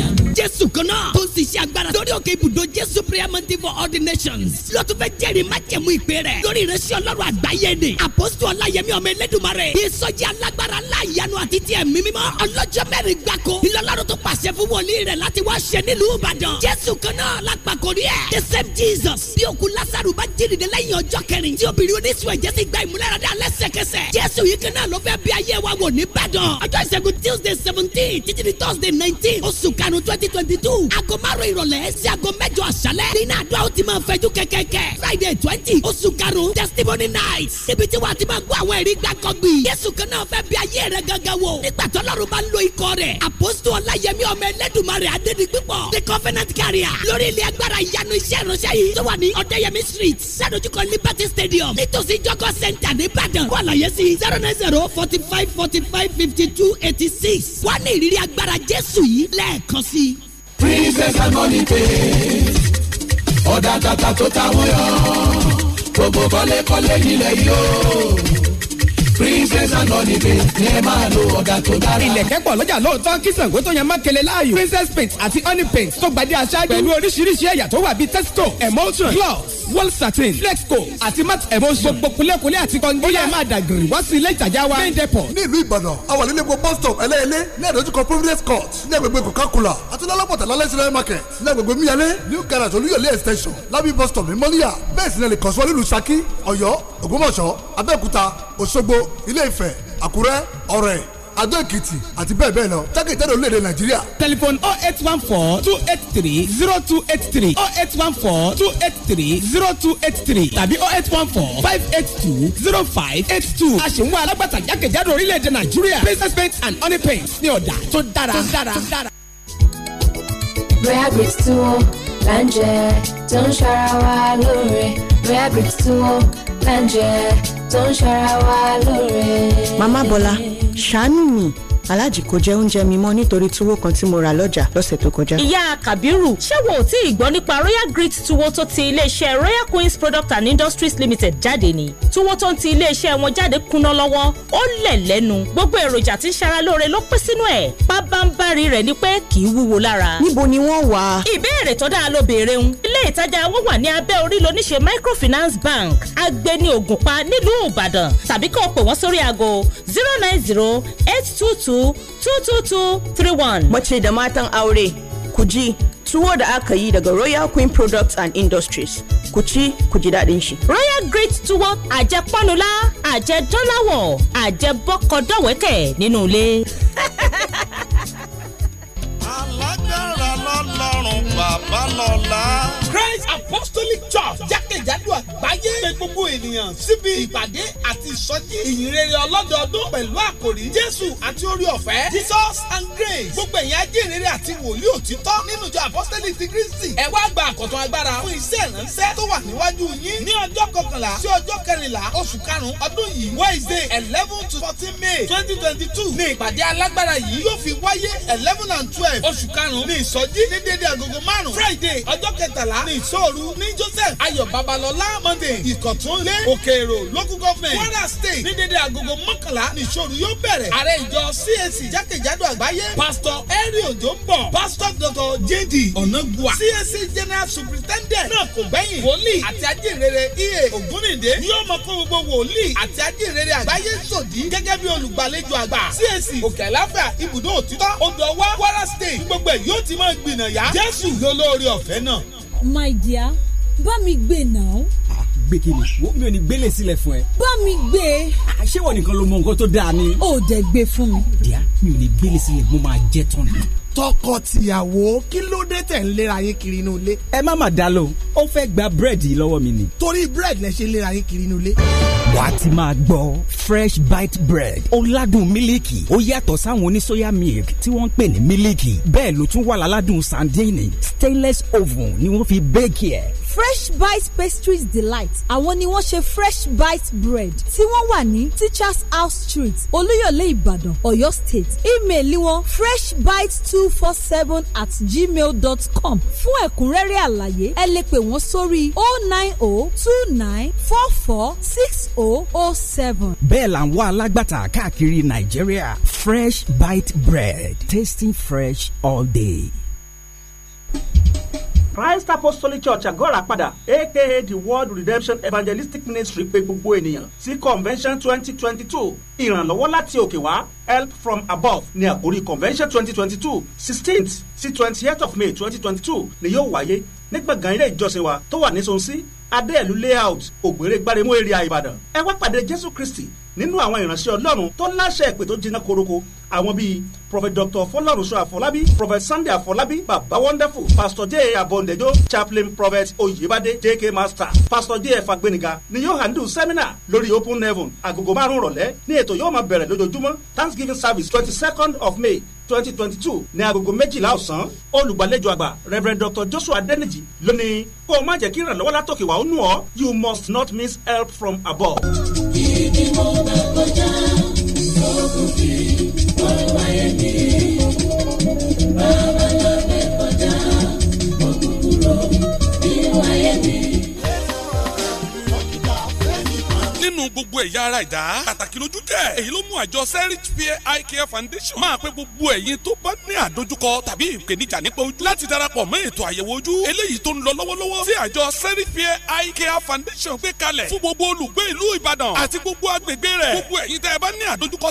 jésù kan náà tó ń ṣiṣẹ́ agbára lórí òkè ibùdó jésù prayer for all the nations ló tún fẹ́ jẹ́rìí májẹ̀mú ìpè rẹ̀ lórí ìrẹsì ọlọ́run àgbáyé ni àpòsù ọláyẹmí ọmọ ẹlẹ́dùnmarè ìsọjí alágbára láàyànú àti tiẹ̀ mímímọ́ ọlọ́jọ́ mẹ́rin gbáko ìlọlọ́run tó pàṣẹ fún wòlíì rẹ̀ láti wá ṣe nílùú ìbàdàn jésù kan náà lápàkórí ẹ̀ the same jesus bí òkú lásàrù bá jíǹde lẹ́yìn ọjọ́ kẹrin tí obìnrin oníṣùwẹ̀ jẹ́ ti gba ìmúláradá lẹ́sẹ̀kẹsẹ̀ jésù yìí kan náà ló fẹ́ bí ayé wa wò ní ìbàdàn ọjọ́ ìṣẹ́gun tuesday seventeen títí di thursday nineteen oṣù karùn-ún twenty twenty two aago márùn ìrọ̀lẹ́ sí aago mẹ́jọ àṣálẹ́ nínú àdúrà ó ti máa fẹjú kẹ́kẹ́kẹ́ friday twenty oṣù karùn-ún testimony night ibi tí wàá ti máa gbọ́ àwọn ẹ̀rí gbàkọ́gbì yéṣù kan náà fẹ́ bí ayé rẹ gangan wò nígbà tó lọ́rùn bá ń lo ikọ̀ rẹ̀ àpòsù ọláyẹmí ọmọ ẹlẹ́dùnmarè adédìgbìpọ̀ the covenant carrier lórí ilé agbára ìyanu iṣẹ́ ìránṣẹ́ yìí tó wà ní ọ̀dẹ́yẹmí street sádójúkọ liberty stadium nítòsí jọgọ center nìbàdàn wọ́n lọ yẹ sí zero zero forty five forty five fifty two eighty six wọ́n ní ìrírí agbára jésù yìí lẹ́ẹ̀kan sí i princess and money pay ọ̀dà tata tó táwọn yọ gbogbo kọ́lékọ́lé nílẹ̀ yìí ó princess and honey pay ní ẹ máa lo ọ̀dà tó dára. ilẹ̀kẹ̀ pọ̀ lọ́jà lóòótọ́ kí Ṣàngó tó yan mákele láàyò princess paint àti honey paint tó gbadé aṣáájú pẹ̀lú oríṣiríṣi ẹ̀yà tó wà bíi tesco emulsion gloss Walsatin, Flexco àti Max Emotion. Gbogbo kulekule àti kọ́ńgé. Bóyá ẹ máa dàgbìn wá sí ilé ìtajà wa. Main depot. Ní ìlú Ìbàdàn, àwọn ilé epo bus stop ẹlẹ́yẹlé ní àdójúkọ Providence Court ní agbègbè Coca-Cola àti lọ́lọ́pọ̀tà lálẹ́ sinai market ní agbègbè Miyalé New Garage Olúyọ̀lé extension Labi bus stop ní Mọ́níyà bẹ́ẹ̀ sì ni lè kàn sí wọn nílùú Ṣakí, Ọ̀yọ́, Ògbómọ̀ṣọ́, Abẹ́òkúta, Òṣogbo, Ilé Ifẹ̀, Àkúrẹ́, Ọ̀rẹ́ adó èkìtì àti bẹ́ẹ̀ bẹ́ẹ̀ lọ jákèjádò orílẹ̀-èdè nàìjíríà. tẹlifon oh eight one four two eight three zero two eight three oh eight one four two eight three zero two eight three tàbí oh eight one four five eight two zero five eight two. a ṣe ń wá alágbàtà jákèjádò orílẹ̀-èdè nàìjíríà princess paint and honey paint ní ọ̀dà tó dára tó dára tó dára. tí wọ́n là ń jẹ tó ń ṣara wa lóore Rare Bricks tí wọ́n là ń jẹ tó ń ṣara wa lóore. Màmá Bọ́lá Shani aláàjì kò jẹ oúnjẹ mi mọ́ nítorí túwó kan tí mo rà lọ́jà lọ́sẹ̀ tó kọjá. ìyá kàbírù ṣé wo ò tí nípa royal grit túwó tó ti iléeṣẹ́ royal queens products and industries limited jáde ni túwó tó ń ti iléeṣẹ́ wọn jáde kuná lọ́wọ́ ó lẹ̀ lẹ́nu gbogbo èròjà tí ń ṣara lóore ló pé sínú ẹ̀ pábánbárì rẹ̀ ni pé kì í wúwo lára. níbo ni wọ́n wà. ìbéèrè tó dáa ló béèrè ń ilé ìtajà wọn wà ní abẹ́ orí lóníṣe microfinance bank agbeni ògùnpá nílùú ìbàdàn tàbí kó o pè wọ́n sórí aago zero nine zero eight two two two two two three one. Mace da matan aure ku ji tuwo da aka yi daga Royal Queen Products and Industries. Ku ci ku ji daɗin shi. Royal Great tuwo àjẹ pánulá àjẹ dọ́làwọ̀ àjẹ bọ́kọ̀ dọ̀wẹ́kẹ̀ nínú ilé. alágbára lọ́lọ́run bàbá lọ́la. Christ Apostolic Church jákèjádò àgbáyé pè gbogbo ènìyàn síbi ìpàdé àti ìsọjí ìyìnrere ọlọ́dọọdún pẹ̀lú àkòrí Jésù àti orí ọ̀fẹ́ Jesus and grace gbogbo ẹ̀yin ajínrere àti wòlíì òtítọ́ nínú ìjọ Apostolic ti Kristi ẹ wá gba àkọ́tún agbára fún iṣẹ́ ìránṣẹ́ tó wà níwájú yín ní ọjọ́ kọkànlá sí ọjọ́ kẹrìnlá oṣù karùn-ún ọdún yìí Wednesday eleven to fourteen May twenty twenty two ní ìpàdé alágbára yìí yóò fi wáyé eleven and twelve oṣù karùn-ún ní ìsọjí ní dédé agogo márùn-ún Friday ọjọ́ kẹtàlá ní ìṣòru ní Joseph Ayọ̀ Babalọlá Monday Ìkọ̀túnlé Òkèèrò local government Kwara state ní dédé agogo mọ́kànlá ní ìṣòru yóò bẹ̀rẹ̀ ààrẹ ìjọ CAC jákèjádò àgbáyé Pastor Henry Ojo ń bọ̀ Pastor Dr JD Ọ̀nàgbà CAC General Superintendent náà kò gbẹ́yìn wòlíì àti ajínrere EA Ògúnìndé yóò mọ kó gbogbo wòlíì àti ajínrere àgbáyé sòdí gẹ́gẹ́ bí olùgbàlejò àgbà CAC Òkèláfà ibùdó òtítọ́ odò ọwá Kwara state gbogbo ẹ̀ yóò ti máa gbìnà yá Jésù lólórí ọ̀fẹ́ náà my dear bá mi gbé náà. Ah, gbé kí ni wo mi ò ní gbélé sílẹ̀ fún ẹ. bá mi gbé. Ah, ṣé wọn nìkan ló mọ nǹkan tó dáa ni. ó dẹ̀ gbé fún mi. díà mi ò ní gbélé sílẹ̀ mo máa jẹ́ tán ni tọkọ-tìyàwó kí ló dé tẹ̀ ń léra yín kiri inú ilé. ẹ má mà dá lóhùn ó fẹ́ gba búrẹ́dì lọ́wọ́ mi ni. torí búrẹ́dì lẹ ṣe léra yín kiri inú ilé. wàá ti máa gbọ́ fresh bite bread ó ládùn mílíkì ó yàtọ̀ sáwọn oníṣòyà milk tí wọ́n ń pè ní mílíkì bẹ́ẹ̀ ló tún wà láládùn sandini stainless oven ni wọ́n fi bẹ́ẹ̀kì ẹ̀ fresh bite pastries delight àwọn ni wọ́n ṣe fresh bite bread tí wọ́n wà ní teachers house street olúyọ̀lé ìbàdàn ọ̀yọ́ state ímeèlì wọn freshbite two four seven at gmail dot com fún ẹ̀kúnrẹ́rẹ́ àlàyé ẹ lè pè wọ́n sórí o oh nine o oh two nine four four six o oh o seven. bẹ́ẹ̀ là ń wá alágbàtà káàkiri nàìjíríà fresh bite bread tasting fresh all day. Christ Apostolic Church Àgọ́ra padà aka the World Redemption Evangelistic Ministry pè gbogbo ènìyàn sí convention twenty twenty two ìrànlọ́wọ́ láti òkè wá help from above ní àkórí convention twenty twenty two sixteenth sí twenty eight of May twenty twenty two ni yóò wáyé ní gbọ̀ngàn ilé ìjọsìn wa tó wà ní Sonsí adéẹ̀lú layout ògbèrè gbáremú èrè ìbàdàn ẹ wá pàdé jésù kristi nínú àwọn ìránṣẹ́ ọlọ́run tó láṣẹ ìpè tó jiná koroko àwọn bíi prophet dr fọlọ́runṣọ àfọlábí prophet sunday àfọlábí baba wonderful pastor j Abondejo. chaplain prophet oyèbádé jk master pastor j fagbeniga ni yóò handle seminar lórí open heaven agogo márùn-ún rọ̀lẹ́ ní ètò yóò máa bẹ̀rẹ̀ lójoojúmọ́ thanksgiving service twenty second of may twenty twenty two ní agogo méjìlá ọ̀sán olùgbàlejò àgbà reverend dr joshua adeniji ló ní kó o má jẹ́ kí ìrànlọ́wọ́ látòkè wá ó nù ọ́ you must not miss help from above. ibi mo bá kọjá lókùn sí ọ̀rọ̀ ayé bàbá. nínú gbogbo ẹ̀yà ara ìdá. pàtàkì lójú tẹ̀ èyí ló mú àjọ serich peer eye care foundation máa pé gbogbo ẹ̀yin tó bá ní àdójúkọ tàbí ìpèníjà nípa ojú láti darapọ̀ mọ́ ètò àyẹ̀wò ojú eléyìí tó ń lọ lọ́wọ́lọ́wọ́ sí àjọ serich peer eye care foundation gbé kalẹ̀ fún gbogbo olùgbé ìlú ìbàdàn àti gbogbo agbègbè rẹ̀ gbogbo ẹ̀yin tẹ́ ẹ bá ní àdójúkọ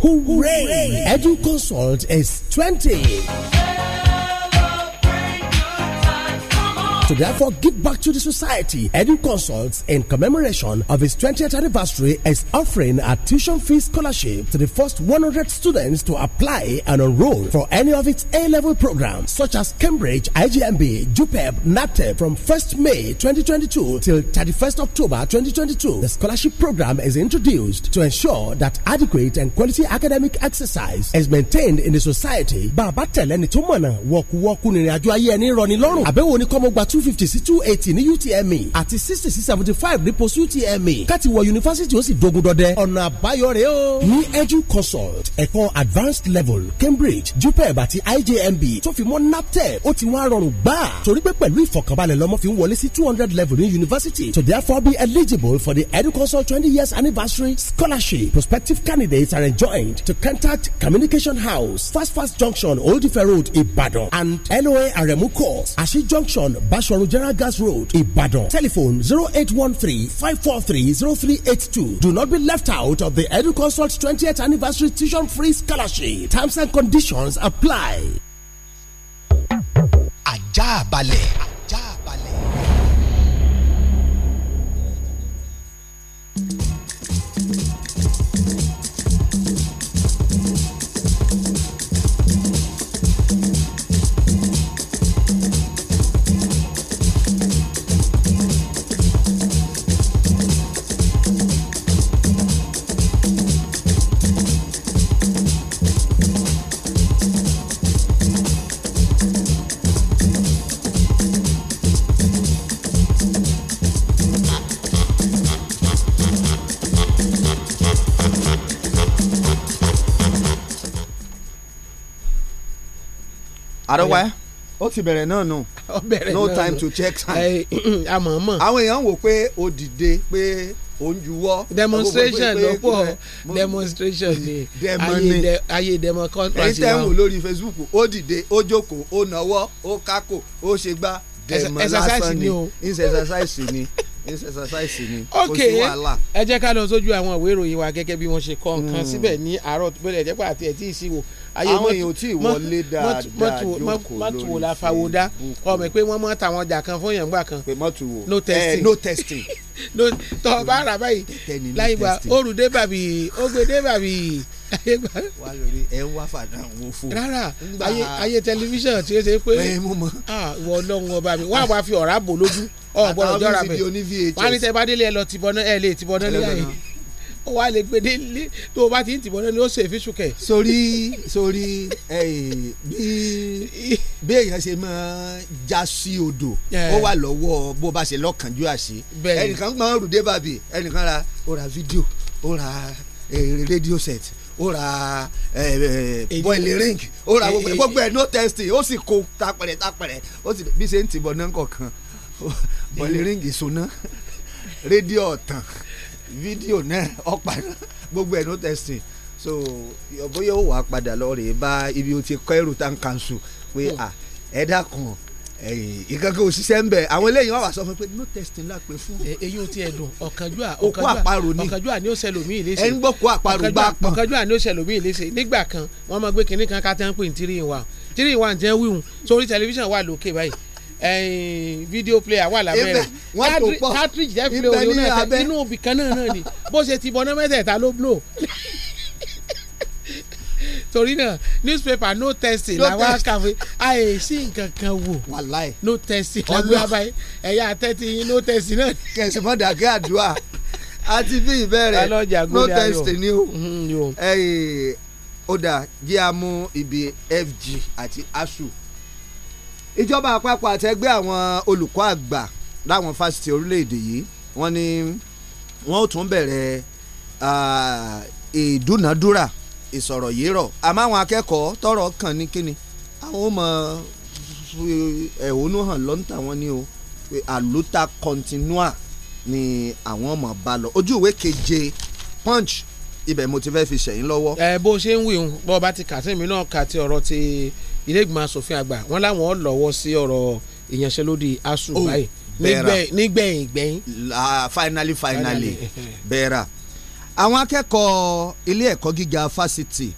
Hooray! Hooray. Edu Consult is 20. to therefore give back to the society. Edu Consults, in commemoration of its 20th anniversary, is offering a tuition fee scholarship to the first 100 students to apply and enroll for any of its A level programs, such as Cambridge, IGMB, JUPEB, NATEP, from 1st May 2022 till 31st October 2022. The scholarship program is introduced to ensure that adequate and quality academic exercise is maintained in the society. Bàbá tẹ̀lẹ́ni tó mọ̀nà wọ̀kúwọ́kú nìrìn àjò ayé ẹni rọ̀ ní lọ́rùn. Àbẹ̀wò ni kọ́mọ́gbà two fifty sí two eighty ní UTME àti sixty sí seventy five ní post UTME káti wọ yunifásitì ó sì dogun dọdẹ ọ̀nà àbáyọ rèé o. ní edu consult ẹ̀kọ́ advanced level Cambridge JUPEB àti IJMB tó fi mọ́ NAPTEP ó ti wá rọrùn gbà torí pé pẹ̀lú ìfọ̀kànbalẹ̀ lọ́mọ fi ń wọlé sí two hundred level ní yunifásitì to therefore be eligible for the edu consult twenty years anniversary scholarship prospective candidates are enjoined to contact communication house fast fast junction Old Ife Road Ibadan and LOA Aremu course Ashi junction Bashe Asoro General Gas Road, Ibadan. Telephone 0813-543-0382. Do not be left out of the EduConsult 20th Anniversary Tuition Free Scholarship. Terms and conditions apply. Ajabale. Ajabale. àrọwà ó ti bẹ̀rẹ̀ náà nù no time to check time. àmọ̀ọ́mọ̀. àwọn èèyàn wò pé o dìde pé o ń juwọ́. demonstration ló pọ̀ demonstration ni ayé democracy náà. èyí tẹ́ ń wò lórí facebook ó dìde ó jókòó ó nawọ́ ó kákò ó ṣe gbá dẹ̀mọ́ lásán ni exercise ni exercise ni kò sí wàhálà. ẹ jẹ́ ká lọ sójú àwọn ìwé ìròyìn wa gẹ́gẹ́ bí wọ́n ṣe kọ́ nǹkan hmm. síbẹ̀ ní àárọ̀ bẹ́ẹ̀ jẹ́ pé àti ẹ̀ tí wo. àwọn èèyàn tí ì wọlé dáadáa jókòó lórí mọ́tò la fawọ́ ọmọ pé wọ́n mọ́ tàwọn ọjà kan fún èèyàn gbà kan no eh, testing no testing tọ́ bá rà báyìí láyé wa olùdé bàbí ó gbé dé bàbí wà lórí ẹ ń wá fàdà wo fò. rárá ayé tẹlifíṣàn tí ó ṣe pé ìwọ ọlọ́run ọba mi wà wá fi ọ̀rá bò lójú ọ̀gbọ́dọ̀ jọra bẹ̀ wà ní tẹ́bá délé ẹ lọ tìbọn náà ẹ lè tìbọn náà níyàwó ó wà lè gbé délé tó o bá ti ń tìbọn náà ni ó ṣe fíṣùkẹ. sórí sórí bí bí èèyàn ṣe máa já sí odò ó wà lọ́wọ́ bó bá ṣe lọ́kànjú àṣe ẹnìkan máa ń rùdé bàbí ẹnìkan ra ó ra fídíò ó ra rédíò set ó ra eh, eh, bọ́ìlì ring ó ra gbogbo ẹ̀ no testing ó sì kó tapẹ̀rẹ̀ tapẹ̀rẹ̀ ó sì bí ṣe ń tìbọ̀ náà kọ̀ọ̀kan bọ́ìlì ring ìṣúná rédíò ọ̀tàn fídíò náà ọ̀pá gbogbo ẹ̀ no testing so bóyá ó wà padà lọ rè é bá ibi ó ti kọ́ ẹrù tá n kan sùn pé hmm. ẹ dákun ìkankan òṣìṣẹ́ ń bẹ̀ àwọn eléyìí wọ́n wà sọ fún pé no testing la pè fún. èyí ò tiẹ̀ dùn ọ̀kánjúà ọ̀kánjúà ni ó ṣẹlòmíì léṣe ẹ̀ ń gbọ́ kó àparò gbá pọ̀ ọ̀kánjúà ni ó ṣẹlòmíì léṣe nígbà kan wọ́n máa gbé kinní kan ká tẹ́ ń pè ní three in one three in one jẹ́ wíwùn sórí tẹlifíṣàn wà lókè báyìí fídíò player wà lábẹ́ rẹ̀ cartridge jẹ́ fílẹ̀ òní náà inú ibìkan náà náà ni bó ṣe ti bọ́ náà mẹ́tẹ̀ẹ̀ta ló blow torí náà newspaper no testing làwọn kàwé àyè sí nǹkan kan wò wàláì no testing làwọn abayé ẹ̀yà tẹ́tí yín no testing náà. kẹ̀sì mọ́ dàgẹ́ àdúrà àti bí ìbẹ̀rẹ̀ no testing ni o mm-hmm, ó dà jẹ́ àmú ibi FG àti ASUU ìjọba àpapọ̀ àtẹgbẹ́ àwọn olùkọ́ àgbà láwọn fásitì orílẹ̀-èdè yìí wọ́n ní wọ́n ó tún bẹ̀rẹ̀ ìdúnàdúrà uh, ìsọ̀rọ̀ yìí rọ̀ àmọ́ àwọn akẹ́kọ̀ọ́ tọrọ kàn ní kíni àwọn ò mọ eh, ẹ̀hónú hàn lọ́ńtà wọn ni o àlùtà continua ni àwọn ọmọ bá lọ ojú ìwé keje punch ibẹ̀ mo ti fẹ́ fi ṣẹ̀yìn lọ́wọ́. ẹ bó ṣe ń wí hun bó bá ti kà sí mi náà kà ti ọ̀rọ̀ ti ilé ìgbìmọ̀ asòfin àgbà wọn láwọn lọ́wọ́ sí ọ̀rọ̀ ìyanṣẹ́lódì asuu oh, báyìí nígbẹ̀yìn gbẹ̀yìn. finally finally bẹ́ẹ̀ra àwọn akẹ́kọ̀ọ́ ilé ẹ̀kọ́ gíga fásitì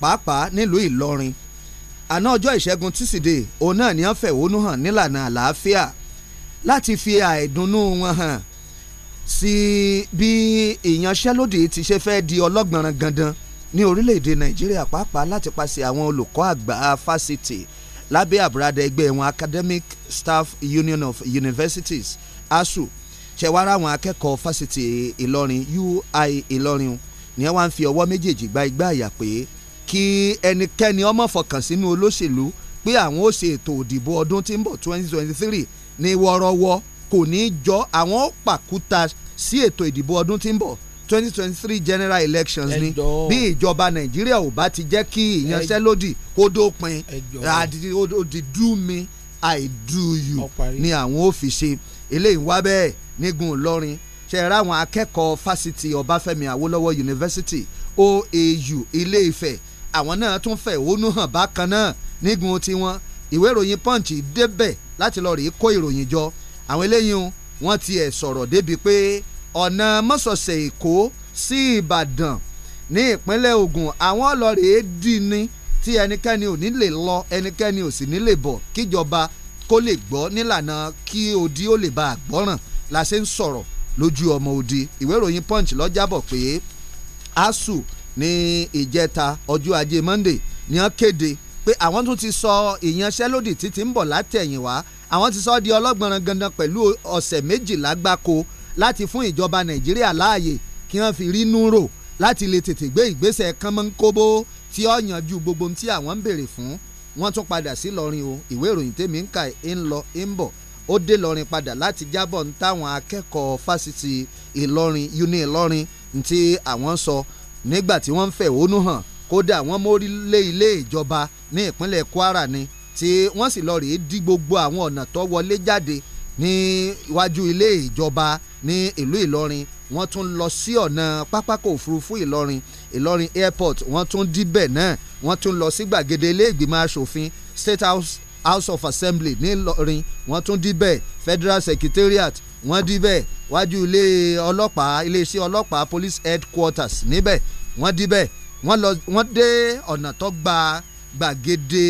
pàápàá nílùú Ìlọrin àná ọjọ́ ìṣẹ́gun tísídẹ̀ẹ́ òun náà ni wọ́n fẹ̀hónú hàn nílànà àlàáfíà láti fi àìdùnnú wọn hàn sí bí ìyanṣẹ́lódì ti ṣe fẹ́ di ọlọ́gbọ̀nràn gandan ní orílẹ̀-èdè Nàìjíríà pàápàá láti paṣẹ àwọn olùkọ́ àgbà fásitì lábẹ́ àbúradà ẹgbẹ́ wọn Academic Staff Union of Universities ASUU ṣẹ̀wárà àwọn akẹ́kọ̀ọ́ fásitì Ìlọrin UI Ìlọrin ni wọ́n ń fi ọwọ́ méjèèjì gba igbá àyà pé kí ẹnikẹ́ni ọmọ fọkàn sínú olóṣèlú pé àwọn ó ṣe ètò òdìbò ọdún tí ń bọ̀ 2023 ni wọ́rọ́wọ́ kò ní í jọ àwọn ó pàkúta sí ètò ìdìbò ọdún tí ń bọ̀ 2023 general elections ni bí ìjọba Nàìjíríà ò bá ti jẹ́ kí ìyanṣẹ́lódì kó dópin àdìdú mi I do you ni àwọn ó fi ṣe eléyìí wá bẹ́ẹ̀ nígun Ìlọrin ṣe ra àwọn akẹ́kọ̀ọ́ fásitì Ọbáfẹ́mi Awólọ́wọ̀ University OAU Ilé Ifẹ̀ àwọn náà tún fẹ̀hónú hàn bákan náà nígun tiwọn ìwé ìròyìn Punch débẹ̀ láti lọ rèé kó ìròyìn jọ àwọn eléyìí wọn tiẹ̀ sọ̀rọ̀ débi pé ọ̀nà mọ́sọ̀ọ̀sẹ̀ Èkó sí Ìbàdàn ní ìpínlẹ̀ Ògùn àwọn ọlọ́rẹ̀ẹ́ dì ní tí ẹnikẹ́ni ò ní lè lọ ẹnikẹ́ni ò sì ní lè bọ̀ kíjọba kó lè gbọ́ nílànà kí odi ó lè ba àgbọ́ràn la ṣe ń sọ̀rọ̀ lójú ọmọ odi ìwé ìròyìn punch ló pé asu ní ìjẹta ọjọ́ ajé monday ni wọ́n kéde pé àwọn tún ti sọ ìyanṣẹ́lódì títí ń bọ̀ látẹ̀yìnwá àwọn ti sọ di ọlọ́gbọ̀nràn gandan pẹ̀lú ọ̀sẹ̀ méjìlá gbáko láti fún ìjọba nàìjíríà láàyè kí wọ́n fi rí núrò láti lè tètè gbé ìgbésẹ̀ kánmọ́nkóbó tí ó yanjú gbogbo ohun tí àwọn ń béèrè fún wọ́n tún padà sí lọ́rin o ìwé ìròyìn tèmi ń kà ń lọ ń bọ̀ ó dé lọ́rin padà láti jábọ̀ ń táwọn akẹ́kọ̀ọ́ fásitì ìlọrin uni ìlọrin tí àwọn sọ nígbà tí wọ́n ń fẹ̀hónú hàn kódà wọ́n mórí lé ilé ìjọba ní ìpínlẹ̀ kwara ni tí wọ́n sì lọ rèé dí gbogbo àwọn ọ̀nà tó wọlé jáde ní iwájú ilé ìjọba ní ìlú ìlọrin wọ́n tún lọ sí ọ̀nà pápákọ̀ òfurufú ìlọrin ìlọrin airport wọ́n tún díbẹ̀ náà wọ́n tún lọ sí gbàgede ilé ìgbìmọ̀ asòfin state house house of assembly nílọrin wọ́n tún díbẹ̀ federal secretariat wọ́n díbẹ̀ wájú ilé ọlọ́pàá iléeṣẹ́ ọlọ́pàá police headquarters níbẹ̀ wọ́n díbẹ̀ wọ́n lọ wọ́n dé ọ̀nà tó gba gbàgede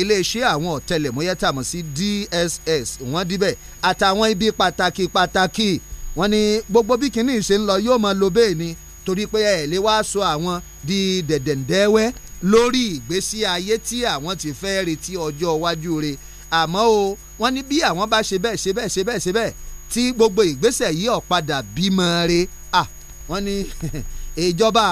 iléeṣẹ́ àwọn ọ̀tẹlẹ̀múyẹ́ tàmọ̀ sí DSS wọ́n díbẹ̀ àtàwọn ibi pàtàkì pàtàkì wọ́n ní gbogbo bí kinní ṣe ń lọ yóò máa lo bẹ́ẹ̀ ni torí pé ẹ̀ lè wá sọ àwọn di dẹ̀dẹ̀ndẹ́wẹ́ lórí ìgbésí ayé tí àwọn ti fẹ́ retí ọjọ́ iwájú rẹ̀ àmọ́ o wọ́n ní bí àwọn bá ṣe bẹ́ẹ̀ ṣe bẹ́ẹ̀ ṣe bẹ́ẹ̀ ṣe bẹ́ẹ̀ tí gbogbo ìgbésẹ̀ yìí ó bímọ rẹ̀ à wọ́n ìjọba